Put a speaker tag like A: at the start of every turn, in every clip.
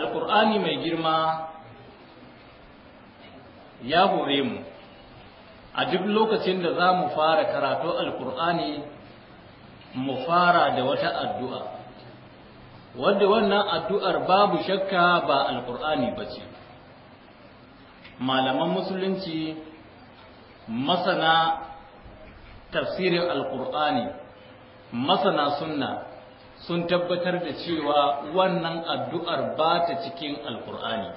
A: alkur'ani mai girma ya hore mu a duk lokacin da za mu fara karatu alkur'ani mu fara da wata addu'a wadda wannan addu'ar babu shakka ba alkur'ani ba ce malaman musulunci masana tafsirin alkur'ani masana sunna sun tabbatar da cewa wannan addu'ar ba ta cikin alkur'ani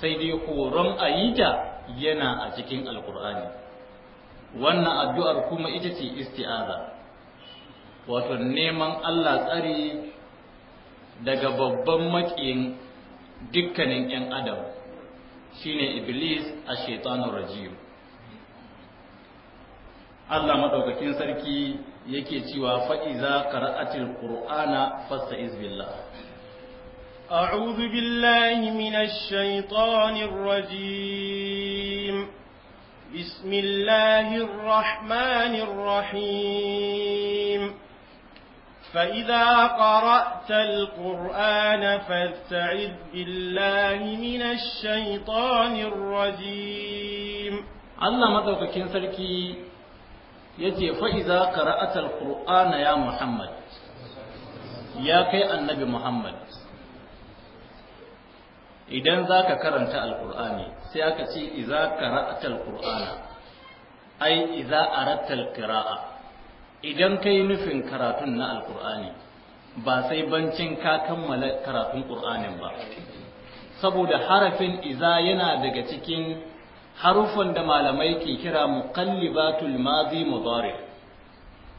A: sai dai horon a yi ta yana a cikin alkur'ani wannan addu'ar kuma ita ce isti'aza wato neman allah tsari daga babban maƙiyin dukkanin 'yan adam shine iblis a shaitanun rajiyu. allah maɗaukakin sarki yake cewa fa'iza ƙara'atil ƙur'ana fasta izbillah. أعوذ بالله من الشيطان الرجيم بسم الله الرحمن الرحيم فإذا قرأت القرآن فاستعذ بالله من الشيطان الرجيم الله مدوكك سركي yace fa Iza, qara'ata qur'ana ya muhammad ya kai annabi muhammad idan zaka karanta alqur'ani sai aka ce iza qara'ata qur'ana ai iza aratal qira'a idan kai nufin karatun na alqur'ani ba sai bancin ka kammala karatun qur'anin ba saboda harafin iza yana daga cikin harufan da malamai ke kira muqallibatul madi mudari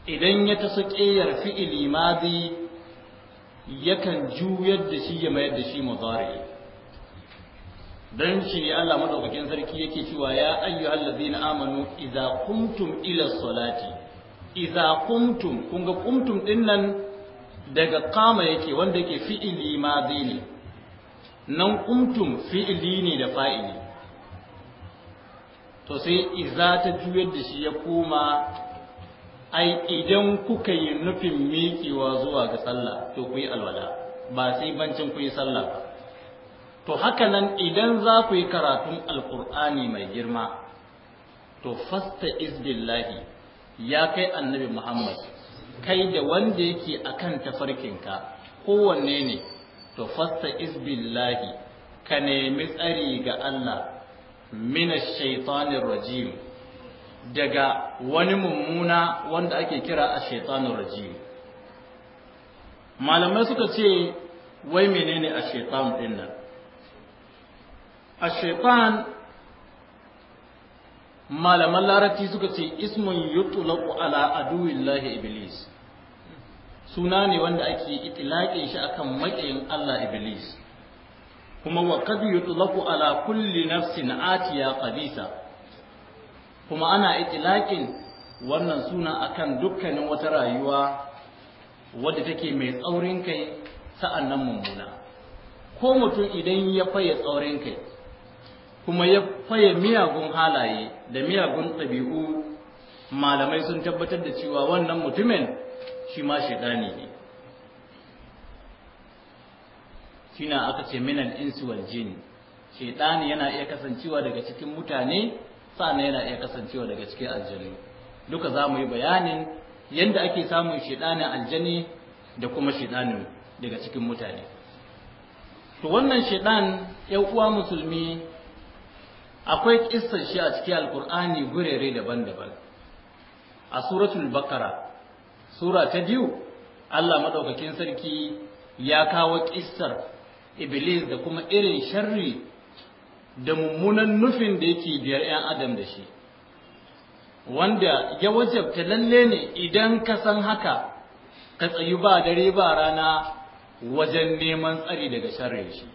A: idan ya ta ƙeyar fi'ili madi yakan juyar da shi ya mayar da shi mudari dan shi ne Allah madaukakin sarki yake cewa ya ayyuhallazina amanu idza qumtum ila salati idza qumtum kun ga qumtum din nan daga kama yake wanda yake fi'ili madi ne nan qumtum fi'ili ne da fa'ili to sai iza ta juyar da shi ya koma ai idan kuka yi nufin miƙewa zuwa ga sallah to ku yi alwala ba sai bancin ku yi sallah ba to haka nan idan za ku yi karatun alkur'ani mai girma to fasta izbillahi ya kai annabi muhammad kai da wanda yake akan tafarkinka kowanne ne to fasta izbillahi ka nemi tsari ga allah min shaitanin rajim daga wani mummuna wanda ake kira a shaitanin rajim malamai suka ce wai menene a shaitan din nan ash malaman larabci suka ce ismun yutlaqu ala aduwillahi iblis suna ne wanda ake itilaƙin shi akan maƙiyin Allah iblis kuma wa qad yutlaqu ala kulli nafsin atiya qabisa kuma ana itlaqin wannan suna akan dukkanin wata rayuwa wadda take mai tsaurin kai sa'an nan mummuna ko mutum idan ya faye tsaurin kai kuma ya faye miyagun halaye da miyagun ɗabi'u malamai sun tabbatar da cewa wannan mutumin shi ma shaidani ne shine aka ce minal insu wal jini shaytani yana iya kasancewa daga cikin mutane sannan yana iya kasancewa daga cikin aljanu duka za mu yi bayanin yadda ake samun shaytanin aljani da kuma shaytanin daga cikin mutane to wannan shaytan yan uwa musulmi akwai kissar shi a cikin alkur'ani gurere daban-daban a suratul bakara sura ta biyu Allah madaukakin sarki ya kawo kissar iblis da kuma irin sharri da mummunan nufin da yake biyar 'yan adam da shi wanda ya wajabta lalle ne idan ka san haka ka tsayi ba dare ba rana wajen neman tsari daga sharri shi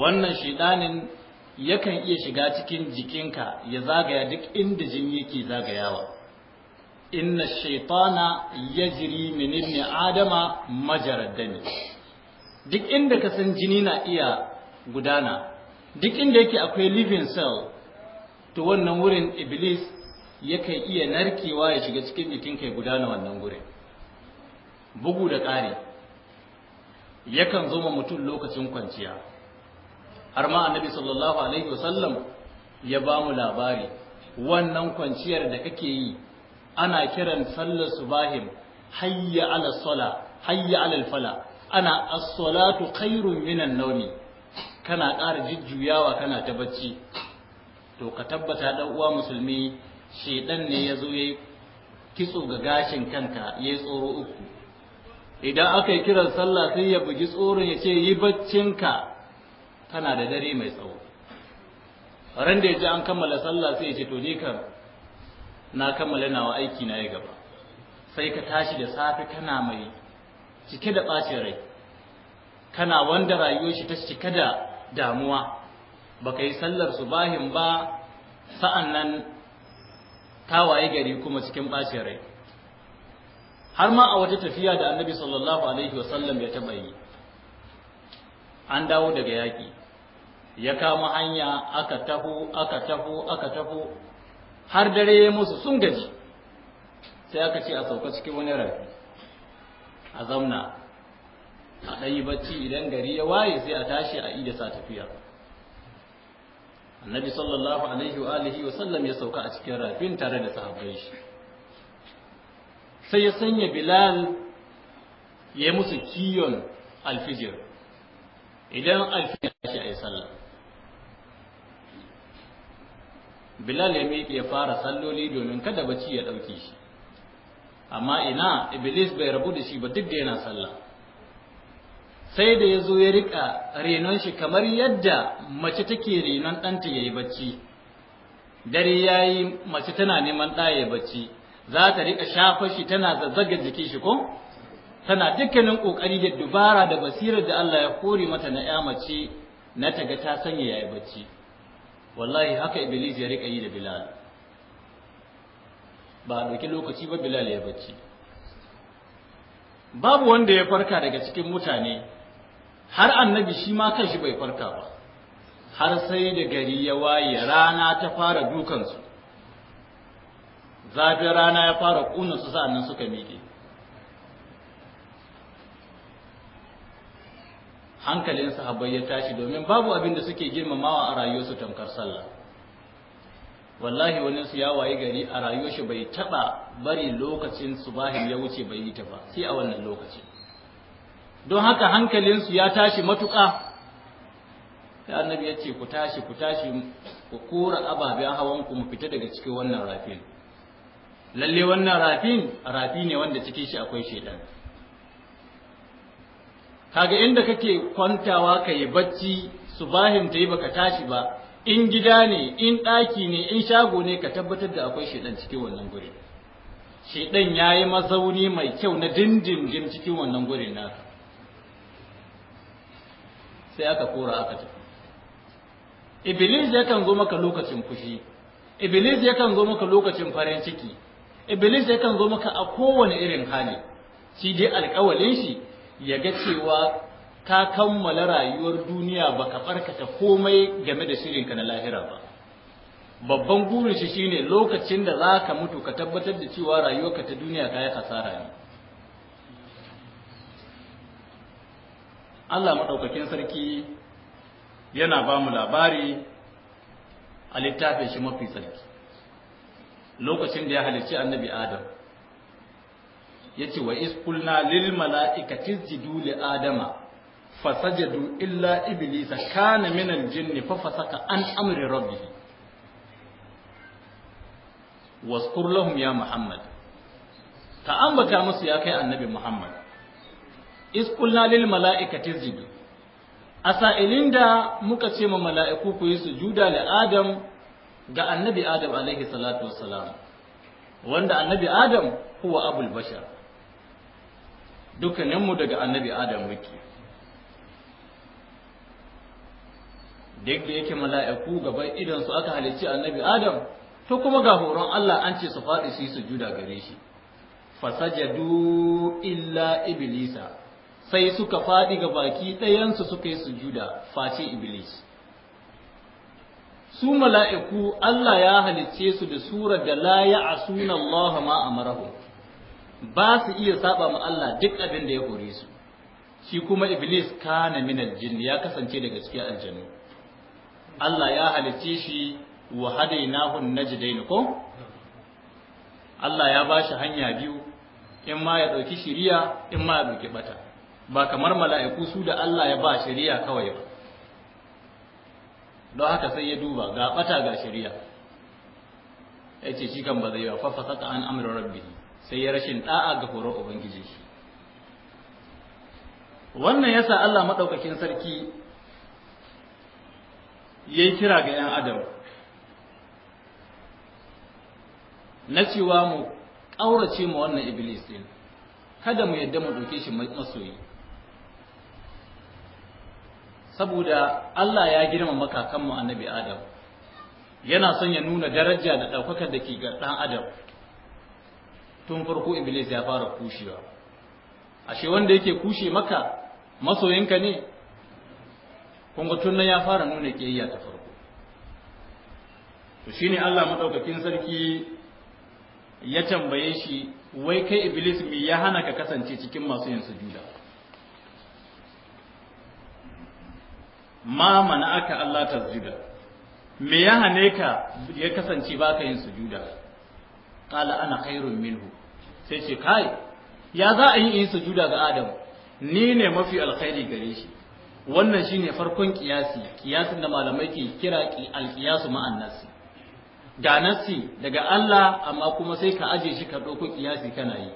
A: wannan shidanin yakan iya shiga cikin jikinka ya zagaya duk inda jini yake zagayawa inna shaitana yajri min ibni adama majarad ne. duk inda ka san jini na iya gudana duk inda yake akwai living cell to wannan wurin iblis yake iya narkewa ya shiga cikin jikin kai gudana wannan wurin bugu da ƙari yakan zo ma mutum lokacin kwanciya har ma annabi sallallahu alaihi wasallam ya ba mu labari wannan kwanciyar da kake yi ana kiran sallar subahim hayya ala sala hayya ala fala ana as-salatu khairun minan nawmi kana ƙara jujjuyawa kana ta bacci to ka tabbata dan uwa musulmi shedan ne ya zo yayi kitso ga gashin kanka yayi tsoro uku idan aka yi kiran sallah sai ya bugi tsoron ya ce yi baccinka kana da dare mai tsawo ran da ya ji an kammala sallah sai ya ce to ni kan na kammala nawa aiki na ya gaba sai ka tashi da safe kana mai cike da ɓacin rai kana wanda rayuwar shi ta cike da damuwa baka yi sallar su bahin ba sa'an nan tawaye gari kuma cikin ɓacin rai har ma a wata tafiya da annabi sallallahu alaihi wasallam ya taɓa yi an dawo daga yaƙi ya kama hanya aka taho aka taho aka taho har dare ya musu sun gaji sai aka ce a sauka cikin wani rafi a zamna a ɗan yi bacci idan gari ya waye sai a tashi a iya sa tafiya annabi sallallahu alaihi wa alihi wa sallam ya sauka a cikin rafin tare da sahabbai shi sai ya sanya bilal ya musu kiyon alfijir idan alfijir shi a yi sallah bilal ya miƙe ya fara salloli domin kada bacci ya ɗauke shi amma ina iblis bai rabu da shi ba duk da yana sallah sai da ya zo ya rika renon shi kamar yadda mace take renon ɗanta ya yi bacci dare ya yi mace tana neman ɗaya bacci za ta rika shafa shi tana zazzaga jikin shi ko tana dukkanin ƙoƙari da dubara da basirar da Allah ya kore mata na ya mace na taga ta sanya ya yi bacci wallahi haka iblis ya rika yi da bilal ba a ɗauki lokaci ba bilal ya bacci babu wanda ya farka daga cikin mutane har annabi shi ma kanshi bai farka ba har sai da gari ya waye rana ta fara dukansu zafin rana ya fara ƙuna su sa'annan suka miƙe hankalin sahabbai ya tashi domin babu abin da suke girmamawa a rayuwarsu tamkar sallah wallahi wani su ya waye gari a rayuwar shi bai taba bari lokacin subahin ya wuce bai yi ta sai a wannan lokaci don haka hankalin su ya tashi matuƙa sai annabi ya ce ku tashi ku tashi ku kora ababen hawan ku mu fita daga cikin wannan rafin lalle wannan rafin rafi ne wanda cikin shi akwai shedan kaga inda kake kwantawa kai bacci subahin ta yi baka tashi ba in gida ne in ɗaki ne in shago ne ka tabbatar da akwai shaidan cikin wannan guri shaidan ya yi mazauni mai kyau na dindindin cikin wannan guri naka sai aka kora aka tafi iblis yakan zo maka lokacin fushi iblis yakan zo maka lokacin farin ciki iblis yakan zo maka a kowane irin hali shi dai alƙawalin shi ya ga cewa ka kammala rayuwar duniya ba ka farkata komai game da shirinka na lahira ba babban burin shi shine lokacin da za ka mutu ka tabbatar da cewa rayuwarka ta duniya ka yi hasara ne Allah maɗaukakin sarki yana ba mu labari a littafin shi mafi sarki lokacin da ya halarci annabi Adam ya ce wa iskulna lil mala'ikati jidu li Adama fasajadu illa iblisa kana min al-jinn fa fasaka an amri rabbih waskur lahum ya muhammad ka ambata musu ya kai annabi muhammad is qulna lil mala'ikati isjudu asailin da muka ce ma mala'iku ku yi sujuda li adam ga annabi adam alaihi salatu wassalam wanda annabi adam huwa abul bashar dukkaninmu daga annabi adam muke duk da yake mala'iku gaban idan su aka halicci annabi adam to kuma ga horon Allah an ce su faɗi su yi sujuda gare shi fasajadu illa iblisa sai suka faɗi ga baki ɗayansu suka yi sujuda face iblis su mala'iku Allah ya halicce su da sura da la ya'asuna Allah ma amarahu ba su iya saba ma Allah duk abin da ya hore su shi kuma iblis kana min aljin ya kasance daga cikin aljannu Allah ya halicce shi wa hadainahu najdain ko Allah ya ba shi hanya biyu in ma ya dauki shiriya in ma ya dauki bata ba kamar mala'iku su da Allah ya ba shiriya kawai ba don haka sai ya duba ga bata ga shiriya yace shi kan ba zai ba fa fasaka an amru rabbi sai ya rashin da'a ga horon ubangiji shi wannan yasa Allah maɗaukakin sarki ya yi kira ga 'yan adam na cewa mu ƙaurace ma wannan iblis din kada mu yadda mu ɗauke shi masoyi saboda Allah ya girmama kakanmu annabi Adam yana son ya nuna daraja da ɗaukakar da ke ga ɗan Adam tun farko Iblis ya fara kushewa ashe wanda yake kushe maka masoyinka ne kun ga tun ya fara nuna kiyayya ta farko to shine Allah madaukakin sarki ya tambaye shi wai kai iblis me ya hana ka kasance cikin masu yin sujuda ma mana aka Allah tasjuda me ya hane ka ya kasance baka yin sujuda qala ana khairun minhu sai ce kai ya za a yi yin sujuda ga adam ni ne mafi alkhairi gare shi wannan shine farkon kiyasi kiyasin da malamai ke kira alkiyasu ma'an nasi ga nasi daga Allah amma kuma sai ka aje shi ka ɗauko kiyasi kana yi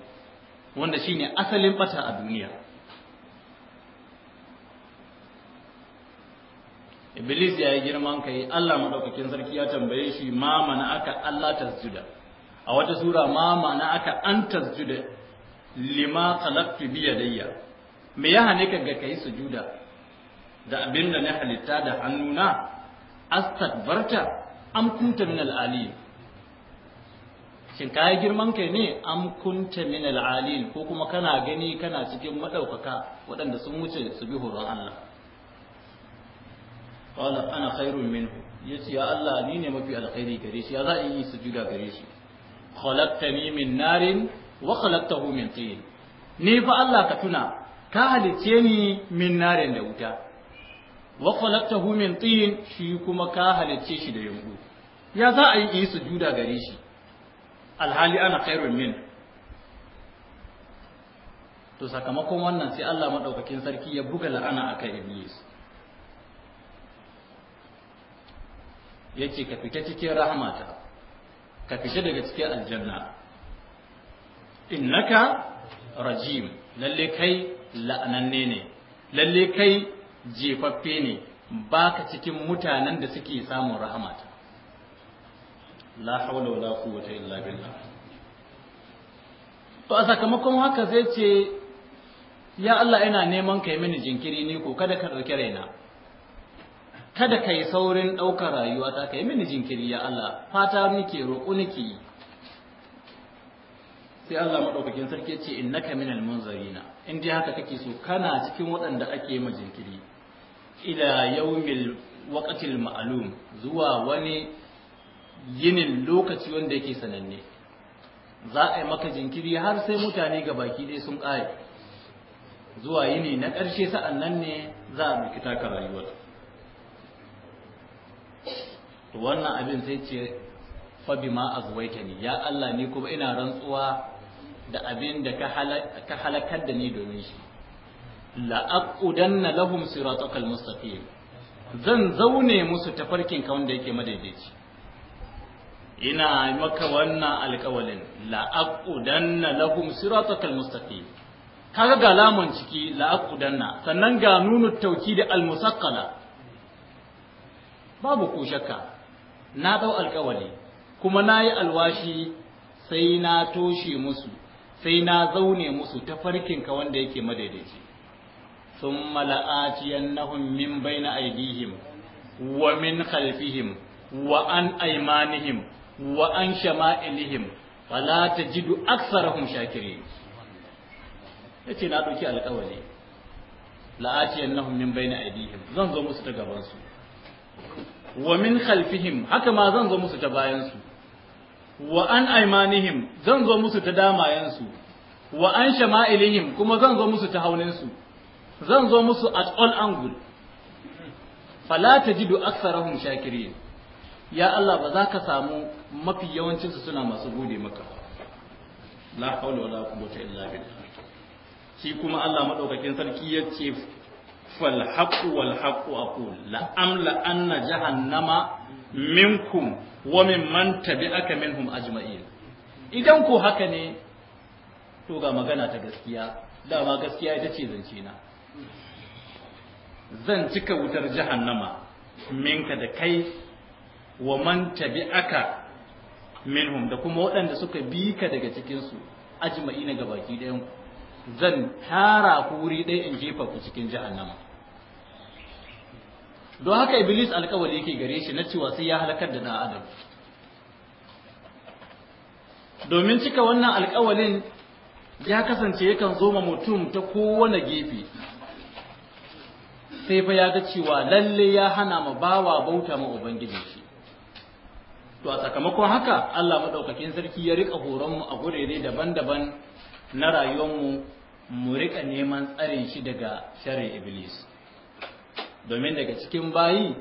A: wanda shine asalin ɓata a duniya Iblis ya yi girman kai Allah maɗaukakin sarki ya tambaye shi ma mana aka Allah tasjuda a wata sura ma mana aka an tasjuda lima khalaqtu me ya hane ka ga kai sujuda da abin da na halitta da hannuna astakbarta am kunta min al'alil shin kayi girman kai ne am kunta min al'alil ko kuma kana gani kana cikin madaukaka waɗanda sun wuce su bi horon Allah qala ana khairun minhu yace ya Allah ni ne mafi alkhairi gare shi ya za in yi sujuda gare shi khalaqtani min narin wa khalaqtahu min tin ni fa Allah ka tuna ka halicce ni min narin da wuta wa khalaqtahu min tin shi kuma ka halicce shi da yumbu ya za a yi yi sujuda gare shi alhali ana khairun min to sakamakon wannan sai Allah madaukakin sarki ya buga la'ana akan iblis yace ka fita cikin rahmata ka fita daga cikin aljanna innaka rajim lalle kai la'ananne ne lalle kai jefaffe ne baka cikin mutanen da suke samun rahamata la hawla wala quwwata illa billah to a sakamakon haka zai ce ya Allah ina neman kai mini jinkiri ni ko kada ka dauke raina kada kai saurin daukar rayuwa ta kai mini jinkiri ya Allah fata nake roƙo nake sai Allah madaukakin sarki ya ce innaka minal munzarina in dai haka kake so kana cikin waɗanda ake ma jinkiri ila yawmil waqtil ma'lum zuwa wani yinin lokaci wanda yake sananne za a yi maka jinkiri har sai mutane ga baki dai sun ƙare zuwa yini na ƙarshe sa'an nan ne za a biki taka rayuwar to wannan abin sai ce fa bima azwaitani ya Allah ni kuma ina rantsuwa da abin da ka halakar da ni domin shi la'aqudanna lahum siratakal mustaqim zan zaune musu tafarkin ka wanda yake madaidaici ina maka wannan alƙawalin la'aqudanna lahum siratakal mustaqim kaga ga lamun ciki la'aƙudanna sannan ga nunu tawkid al musaqqala babu ku shakka na dau alƙawali kuma nayi alwashi sai na toshe musu sai na zaune musu tafarkin ka wanda yake madaidaici ثم لآتينهم من بين أيديهم ومن خلفهم وعن أيمانهم وعن شمائلهم فلا تجد أكثرهم شاكرين yace na ɗauki alƙawari la'atiyan nahum min bayna aydihim zan zo musu ta gaban su wa min khalfihim haka ma zan zo musu ta bayan su wa an aymanihim zan zo musu ta damayan su wa an shama'ilihim kuma zan zo musu ta haunin su zan zo musu at all angle fala tajidu aktharahum shakirin ya Allah ba za ka samu mafi yawancinsu suna masu gode maka la hawla wala quwwata illa billah shi kuma Allah madaukakin sarki ya ce fal haqqu wal haqqu aqul la amla anna jahannama minkum wa mimman tabi'aka minhum ajma'in idan ko haka ne to ga magana ta gaskiya dama gaskiya ita ce zance na zan cika wutar jahannama minka da kai wa man tabi'aka minhum da kuma waɗanda suka bi ka daga cikinsu ajma'ina ga baki ɗayan yanku. zan tara ku wuri ɗaya in jefa ku cikin jahannama don haka iblis alkawari yake gare shi na cewa sai ya halakar da ɗan adam domin cika wannan alƙawarin, ya kasance yakan zo ma mutum ta kowane gefe sai fa ya ga cewa lalle ya hana ma bawa bauta ma ubangiji shi to a sakamakon haka Allah madaukakin sarki ya rika horon mu a gurere daban-daban na rayuwar mu mu rika neman tsarin shi daga sharri iblis domin daga cikin bayi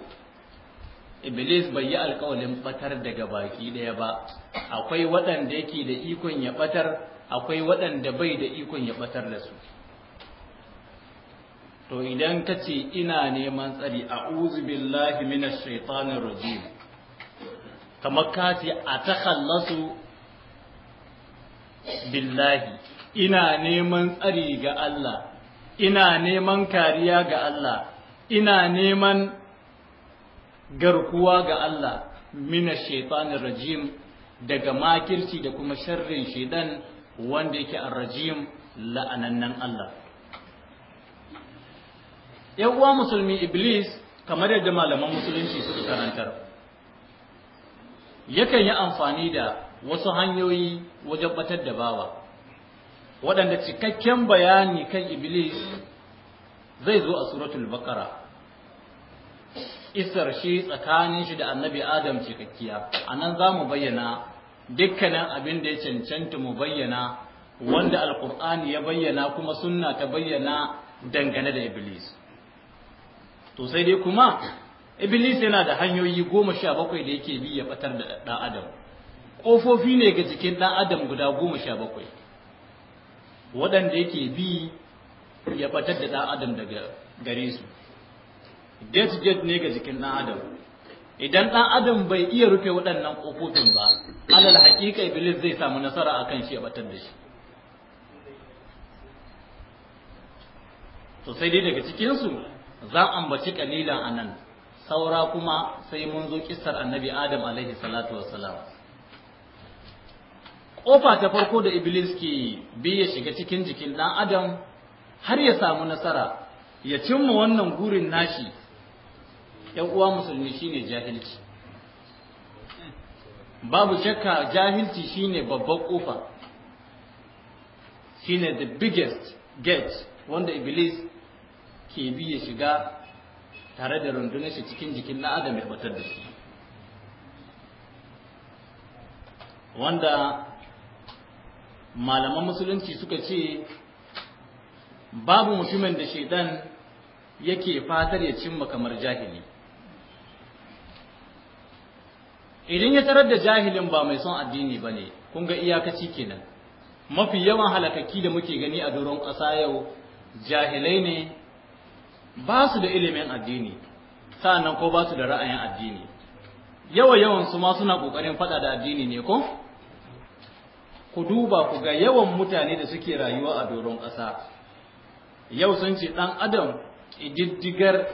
A: Iblis bai yi alkawalin batar daga baki ɗaya ba, akwai waɗanda yake da ikon ya batar, akwai waɗanda bai da ikon ya ɓatar da su. to idan ka ce ina neman tsari a billahi minash shaitanin rajim kamar ka ce a takhallasu billahi ina neman tsari ga Allah ina neman kariya ga Allah ina neman garkuwa ga Allah mina shaitanin rajim daga makirci da kuma sharrin shaidan wanda yake rajim la'anannan Allah yan uwa musulmi iblis kamar yadda malaman musulunci suka karantar yakan yi amfani da wasu hanyoyi wajen batar da bawa waɗanda cikakken bayani kan iblis zai zo a suratul bakara isar shi tsakanin shi da annabi adam cikakkiya a nan za mu bayyana dukkanin abin da ya cancanta mu bayyana wanda alkur'ani ya bayyana kuma sunna ta bayyana dangane da iblis to sai dai kuma iblis yana da hanyoyi goma sha bakwai da yake bi ya batar da ɗan adam ƙofofi ne ga jikin ɗan adam guda goma sha bakwai waɗanda yake bi ya batar da ɗan adam daga gare su get get ne ga jikin ɗan adam idan ɗan adam bai iya rufe waɗannan ƙofofin ba alal haƙiƙa iblis zai samu nasara akan shi ya batar da shi to sai dai daga cikinsu za a ambaci kalilan anan saura kuma sai mun zo kissar annabi adam alaihi salatu wassalam kofa ta farko da iblis ke bi ya shiga cikin jikin dan adam har ya samu nasara ya cimma wannan gurin nashi yan uwa musulmi shine jahilci babu shakka jahilci shine babban kofa shine the biggest gate wanda iblis ke bi ya shiga tare da rundunar shi cikin jikin na adam ya batar da shi wanda malaman musulunci suka ce babu mutumin da shaidan yake fatar ya cimma kamar jahili idan ya tarar da jahilin ba mai son addini ba ne kun ga iyakaci kenan mafi yawan halakaki da muke gani a doron ƙasa yau jahilai ne ba su da ilimin addini sa'annan ko ba su da ra'ayin addini yawa yawan su ma suna kokarin fada da addini ne ko ku duba ku ga yawan mutane da suke rayuwa a doron ƙasa yau sun ce ɗan adam ididdigar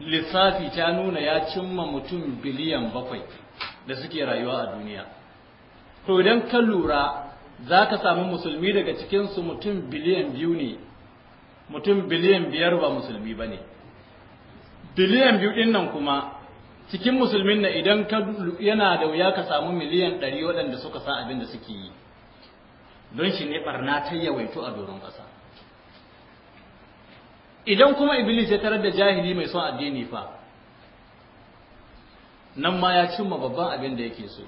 A: lissafi ta nuna ya cimma mutum biliyan bakwai da suke rayuwa a duniya to idan ka lura za ka samu musulmi daga cikinsu mutum biliyan biyu ne mutum biliyan biyar ba musulmi ba ne biliyan biyu ɗin nan kuma cikin musulmin na idan ka yana da wuya ka samu miliyan ɗari waɗanda suka san abin da suke yi don shi ne ɓarna ta yawaitu a doron ƙasa idan kuma iblis ya tarar da jahili mai son addini fa nan ma ya cimma babban abin da yake so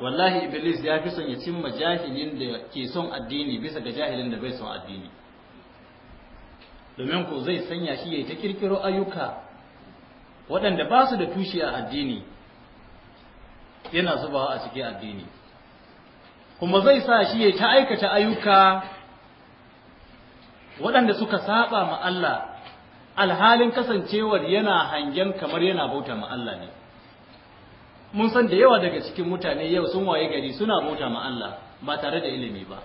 A: wallahi iblis ya fi son ya cimma jahilin da ke son addini bisa ga jahilin da bai son addini domin ko zai sanya shi ya ta kirkiro ayyuka waɗanda ba su da tushe a addini yana zubawa a cikin addini kuma zai sa shi ya ta aikata ayyuka waɗanda suka saba ma Allah alhalin kasancewar yana hangen kamar yana bauta ma Allah ne mun san da yawa daga cikin mutane yau sun waye gari suna bauta ma Allah ba tare da ilimi ba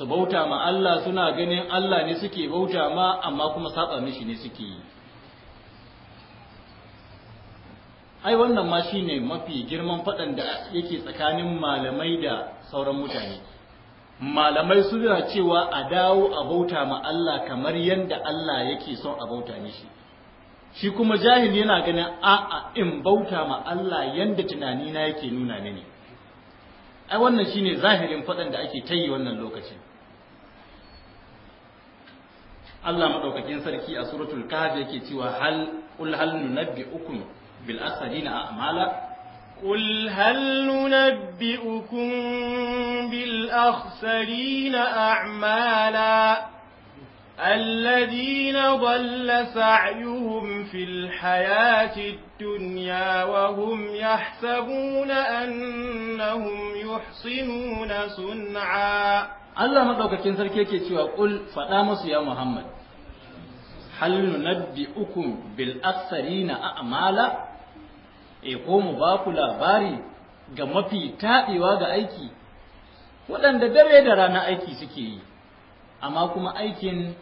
A: su bauta ma Allah suna ganin Allah ne suke bauta ma amma kuma saba mishi ne suke yi ai wannan ma shine mafi girman faɗan da yake tsakanin malamai da sauran mutane malamai suna cewa a dawo a bauta ma Allah kamar yadda Allah yake son a bauta mishi shi kuma jahil yana ganin a'a in bauta ma Allah yadda tunanina yake nuna ne. ai wannan shine zahirin faɗan da ake ta yi wannan lokacin Allah madaukakin sarki a suratul kahf yake cewa hal qul hal nunabbi'ukum bil asrina a'mala قل هل ننبئكم بالأخسرين أعمالا الذين ضل سعيهم في الحياة الدنيا وهم يحسبون أنهم يحسنون صنعا Allah madaukakin sarki yake cewa qul faɗa musu ya Muhammad hal ukun bil aktharina a'mala e ko mu ba ku labari ga mafi taɗewa ga aiki waɗanda dare da rana aiki suke yi amma kuma aikin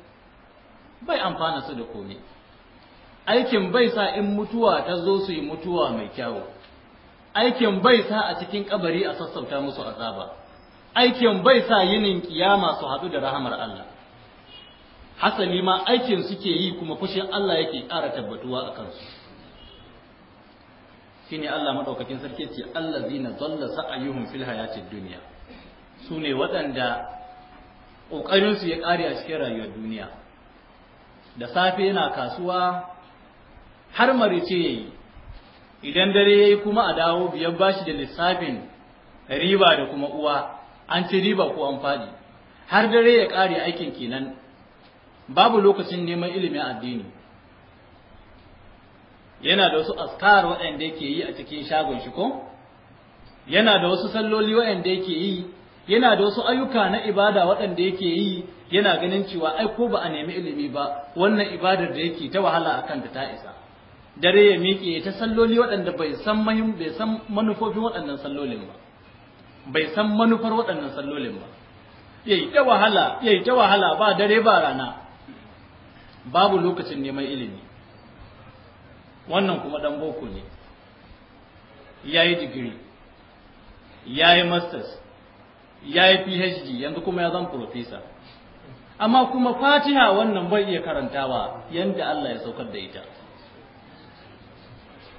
A: bai amfana su da komai aikin bai sa in mutuwa ta zo su yi mutuwa mai kyawu aikin bai sa a cikin kabari a sassauta musu azaba aikin bai sa yinin kiyama su haɗu da rahamar Allah hasali ma aikin suke yi kuma fushin Allah yake ƙara tabbatuwa a kansu shine Allah maɗaukakin sarki ce zina zalla sa'ayuhum fil hayatid Su ne waɗanda ƙoƙarinsu ya ƙare a cikin rayuwar duniya da safe yana kasuwa har marice yi, idan dare ya yi kuma a dawo biyan bashi da lissafin riba da kuma uwa an ci riba ko an faɗi har dare ya ƙare aikin kenan babu lokacin neman ilimin addini yana da wasu askar waɗanda yake yi a cikin shagon shi ko yana da wasu salloli waɗanda yake yi yana da wasu ayyuka na ibada waɗanda yake yi yana ganin cewa ai ko ba a nemi ilimi ba wannan ibadar da yake ta wahala a kanta ta isa dare ya miƙe ta salloli waɗanda bai bai san manufofin waɗannan sallolin ba bai san manufar waɗannan sallolin ba yayi ta wahala yayi ta wahala ba dare ba rana babu lokacin neman ilimi wannan kuma dan boko ne yayi digiri yayi masters yayi phd yanzu kuma ya zan professor amma kuma fatiha wannan bai iya karantawa yanda Allah ya saukar da ita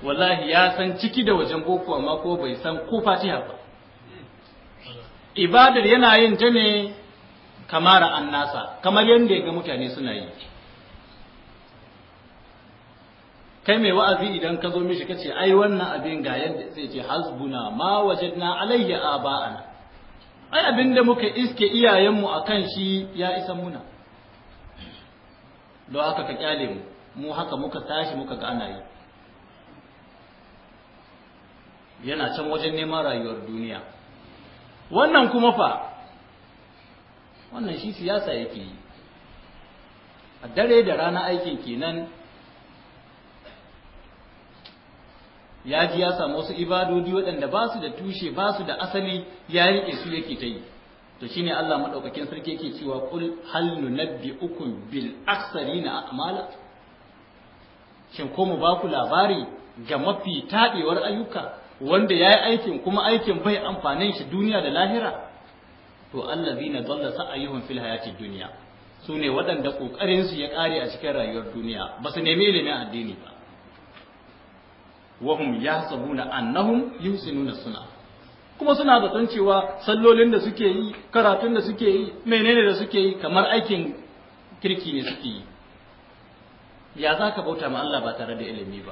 A: wallahi ya san ciki da wajen boko amma ko bai san ko fatiha ba ibadar yana yin ta ne kamar annasa kamar yadda ya ga mutane suna yi kai mai wa'azi idan ka zo mishi kace ai wannan abin ga yadda zai ce hasbuna ma wajadna alayya aba'ana ai abin da muka iske iyayenmu akan shi ya isa muna don haka ka kyale mu mu haka muka tashi muka ga ana yi yana can wajen neman rayuwar duniya wannan kuma fa wannan shi siyasa yake yi a dare da rana aikin kenan ya ji ya samu wasu ibadodi waɗanda ba su da tushe ba su da asali ya riƙe su yake ta yi to shi ne Allah maɗaukakin sarki yake cewa na na uku bil aksarina a'mala shin ko mu ba ku labari ga mafi taɗewar ayyuka wanda ya yi aikin kuma aikin bai amfanin shi duniya da lahira to Allah allazina dalla sa'ayuhum fil hayatid dunya su ne waɗanda ƙoƙarin su ya ƙare a cikin rayuwar duniya ba su nemi ilimin addini ba wahum yahsabuna annahum yusinuna suna kuma suna zaton cewa sallolin da suke yi karatun da suke yi menene da suke yi kamar aikin kirki ne suke yi ya za ka bauta ma Allah ba tare da ilimi ba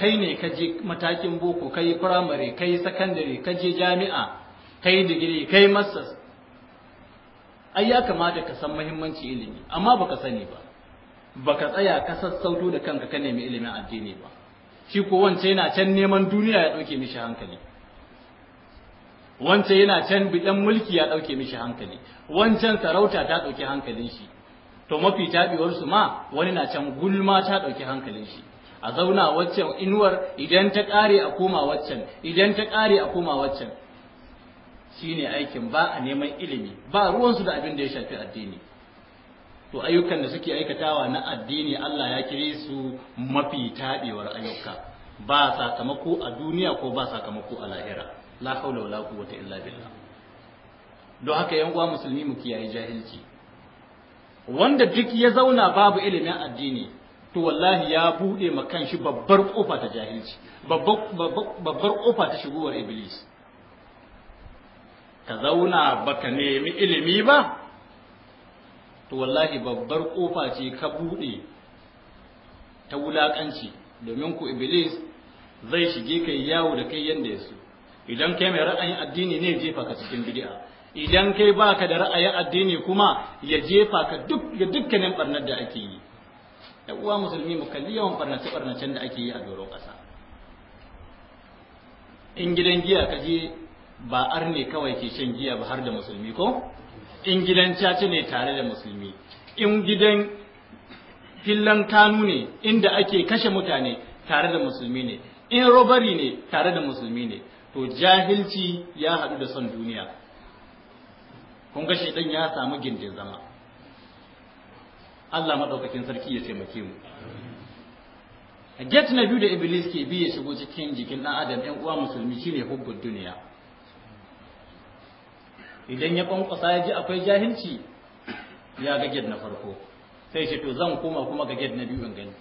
A: kai ne ka je matakin boko kai firamare kai sakandare ka je jami'a kai digiri kai masters ai ya kamata ka san muhimmanci ilimi amma baka sani ba baka tsaya ka sassauto da kanka ka nemi ilimin addini ba shi ko wance yana can neman duniya ya dauke mishi hankali wance yana can bidan mulki ya ɗauke mishi hankali wancan sarauta ta ɗauke hankalin shi to mafi tabiwar su ma wani na can gulma ta ɗauke hankalin shi a zauna waccan inuwar idan ta ƙare a koma waccan idan ta kare a koma waccan shine aikin ba a neman ilimi ba ruwansu da abin da ya shafi addini to ayyukan da suke aikatawa na addini Allah ya kire su mafi tadewar ayyuka ba sakamako a duniya ko ba sakamako a lahira la haula wala quwwata illa billah don haka yan uwa musulmi mu kiyaye jahilci wanda duk ya zauna babu ilimin addini to wallahi ya buɗe ma kanshi babbar ƙofa ta jahilci babbar ƙofa ta shigowar iblis ka zauna ba ka nemi ilimi ba to wallahi babbar ƙofa ce ka buɗe ta wulaƙanci domin ku iblis zai shige kai yawo da kai yanda ya so idan kai mai ra'ayin addini ne jefa ka cikin bid'a idan kai baka da ra'ayin addini kuma ya jefa ka duk ga dukkanin barnar da ake yi da uwa musulmi mu kalli yawan barnace barnacen da ake yi a doron ƙasa in gidan giya ka je ba ne kawai ke shan giya ba har da musulmi ko in gidan caci ne tare da musulmi in gidan fillan kanu ne inda ake kashe mutane tare da musulmi ne in robari ne tare da musulmi ne to jahilci ya haɗu da son duniya kun ga shaidan ya samu gindin zama Allah madaukakin sarki ya taimake mu get na biyu da iblis ke bi ya shigo cikin jikin ɗan adam ɗan uwa musulmi ne hubbud duniya idan ya kwankwasa ya ji akwai jahilci ya ga get na farko sai shi to zan koma kuma ga get na biyu in gani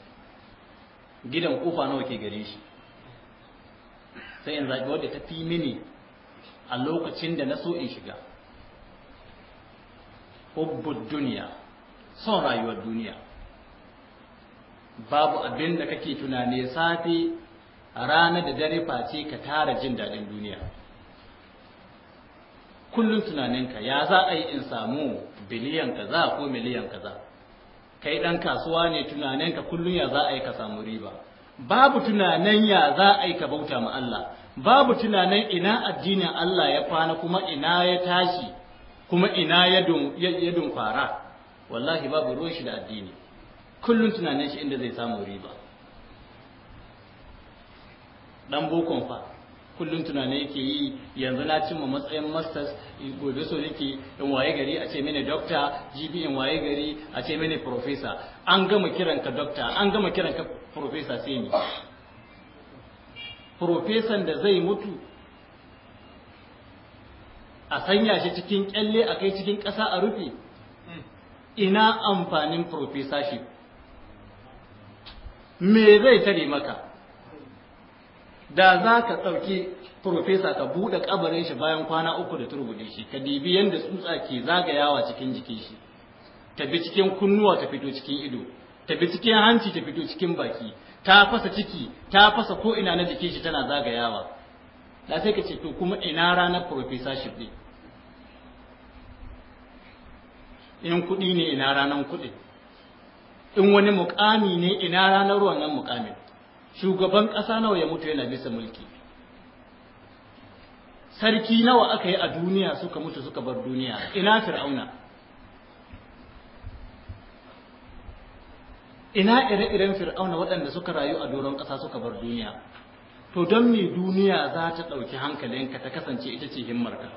A: gidan kofa nawa ke gare shi sai in zaɓi wadda ta fi mini a lokacin da na so in shiga hubbud duniya son rayuwar duniya babu abin da kake tunani safe rana da dare face ka tara jin daɗin duniya kullum tunaninka ya za a yi in samu biliyan kaza ko miliyan kaza kai ɗan kasuwa ne tunaninka kullum ya za a yi ka samu riba babu tunanin ya za a yi ka bauta ma Allah babu tunanin ina addinin Allah ya kwana kuma ina ya tashi kuma ina ya dumfara wallahi babu ruwan shi da addini kullum tunanin shi inda zai samu riba dan bokon fa kullum tunanin yake yi yanzu na cimma matsayin masters gobe so yake in waye gari a ce mini doctor gb in waye gari a ce mini professor an gama kiranka doctor an gama kiranka professor sai ni Professor da zai mutu a sanya shi cikin kyalle a kai cikin ƙasa a rufe ina amfanin professorship me zai tare maka da za ka ɗauki profesa ka buɗe ƙabarin shi bayan kwana uku da turbuɗe shi ka dibi yadda tsutsa ke zagayawa cikin jikin shi ta bi cikin kunnuwa ta fito cikin ido ta bi cikin hanci ta fito cikin baki ta fasa ciki ta fasa ko ina na jikin shi tana zagayawa da sai ka ce to kuma ina ranar professorship ɗin in kuɗi ne ina ranar kuɗi in wani mukami ne ina ranar wannan mukamin shugaban ƙasa nawa ya mutu yana bisa mulki sarki nawa aka yi a duniya suka mutu suka bar duniya ina fir'auna ina ire-iren fir'auna waɗanda suka rayu a doron ƙasa suka bar duniya to don me duniya za ta ɗauki hankalinka ta kasance ita ce himmarka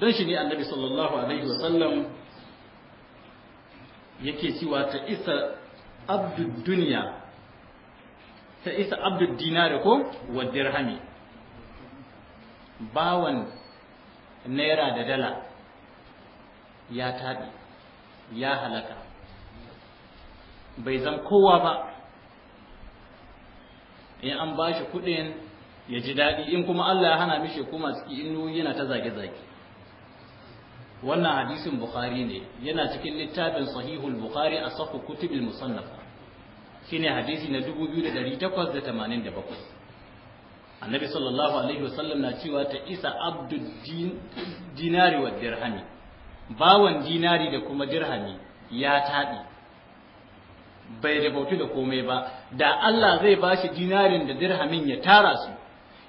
A: don shi ne annabi sallallahu alaihi sallam yake cewa ta isa abdud duniya ta isa abdud dinari ko wa dirhami bawan naira da dala ya taɗi ya halaka bai zan kowa ba in an ba shi kuɗin ya ji daɗi in kuma Allah ya hana mishi kuma ciki inu yana ta zage-zage wannan hadisin bukhari ne yana cikin littafin sahihul bukhari a safu kutubil musannaf shine hadisi na 2887 annabi sallallahu alaihi wasallam na cewa ta isa abdud dinari wa dirhami bawan dinari da kuma dirhami ya taɗi bai da bautu da komai ba da Allah zai bashi dinarin da dirhamin ya tara su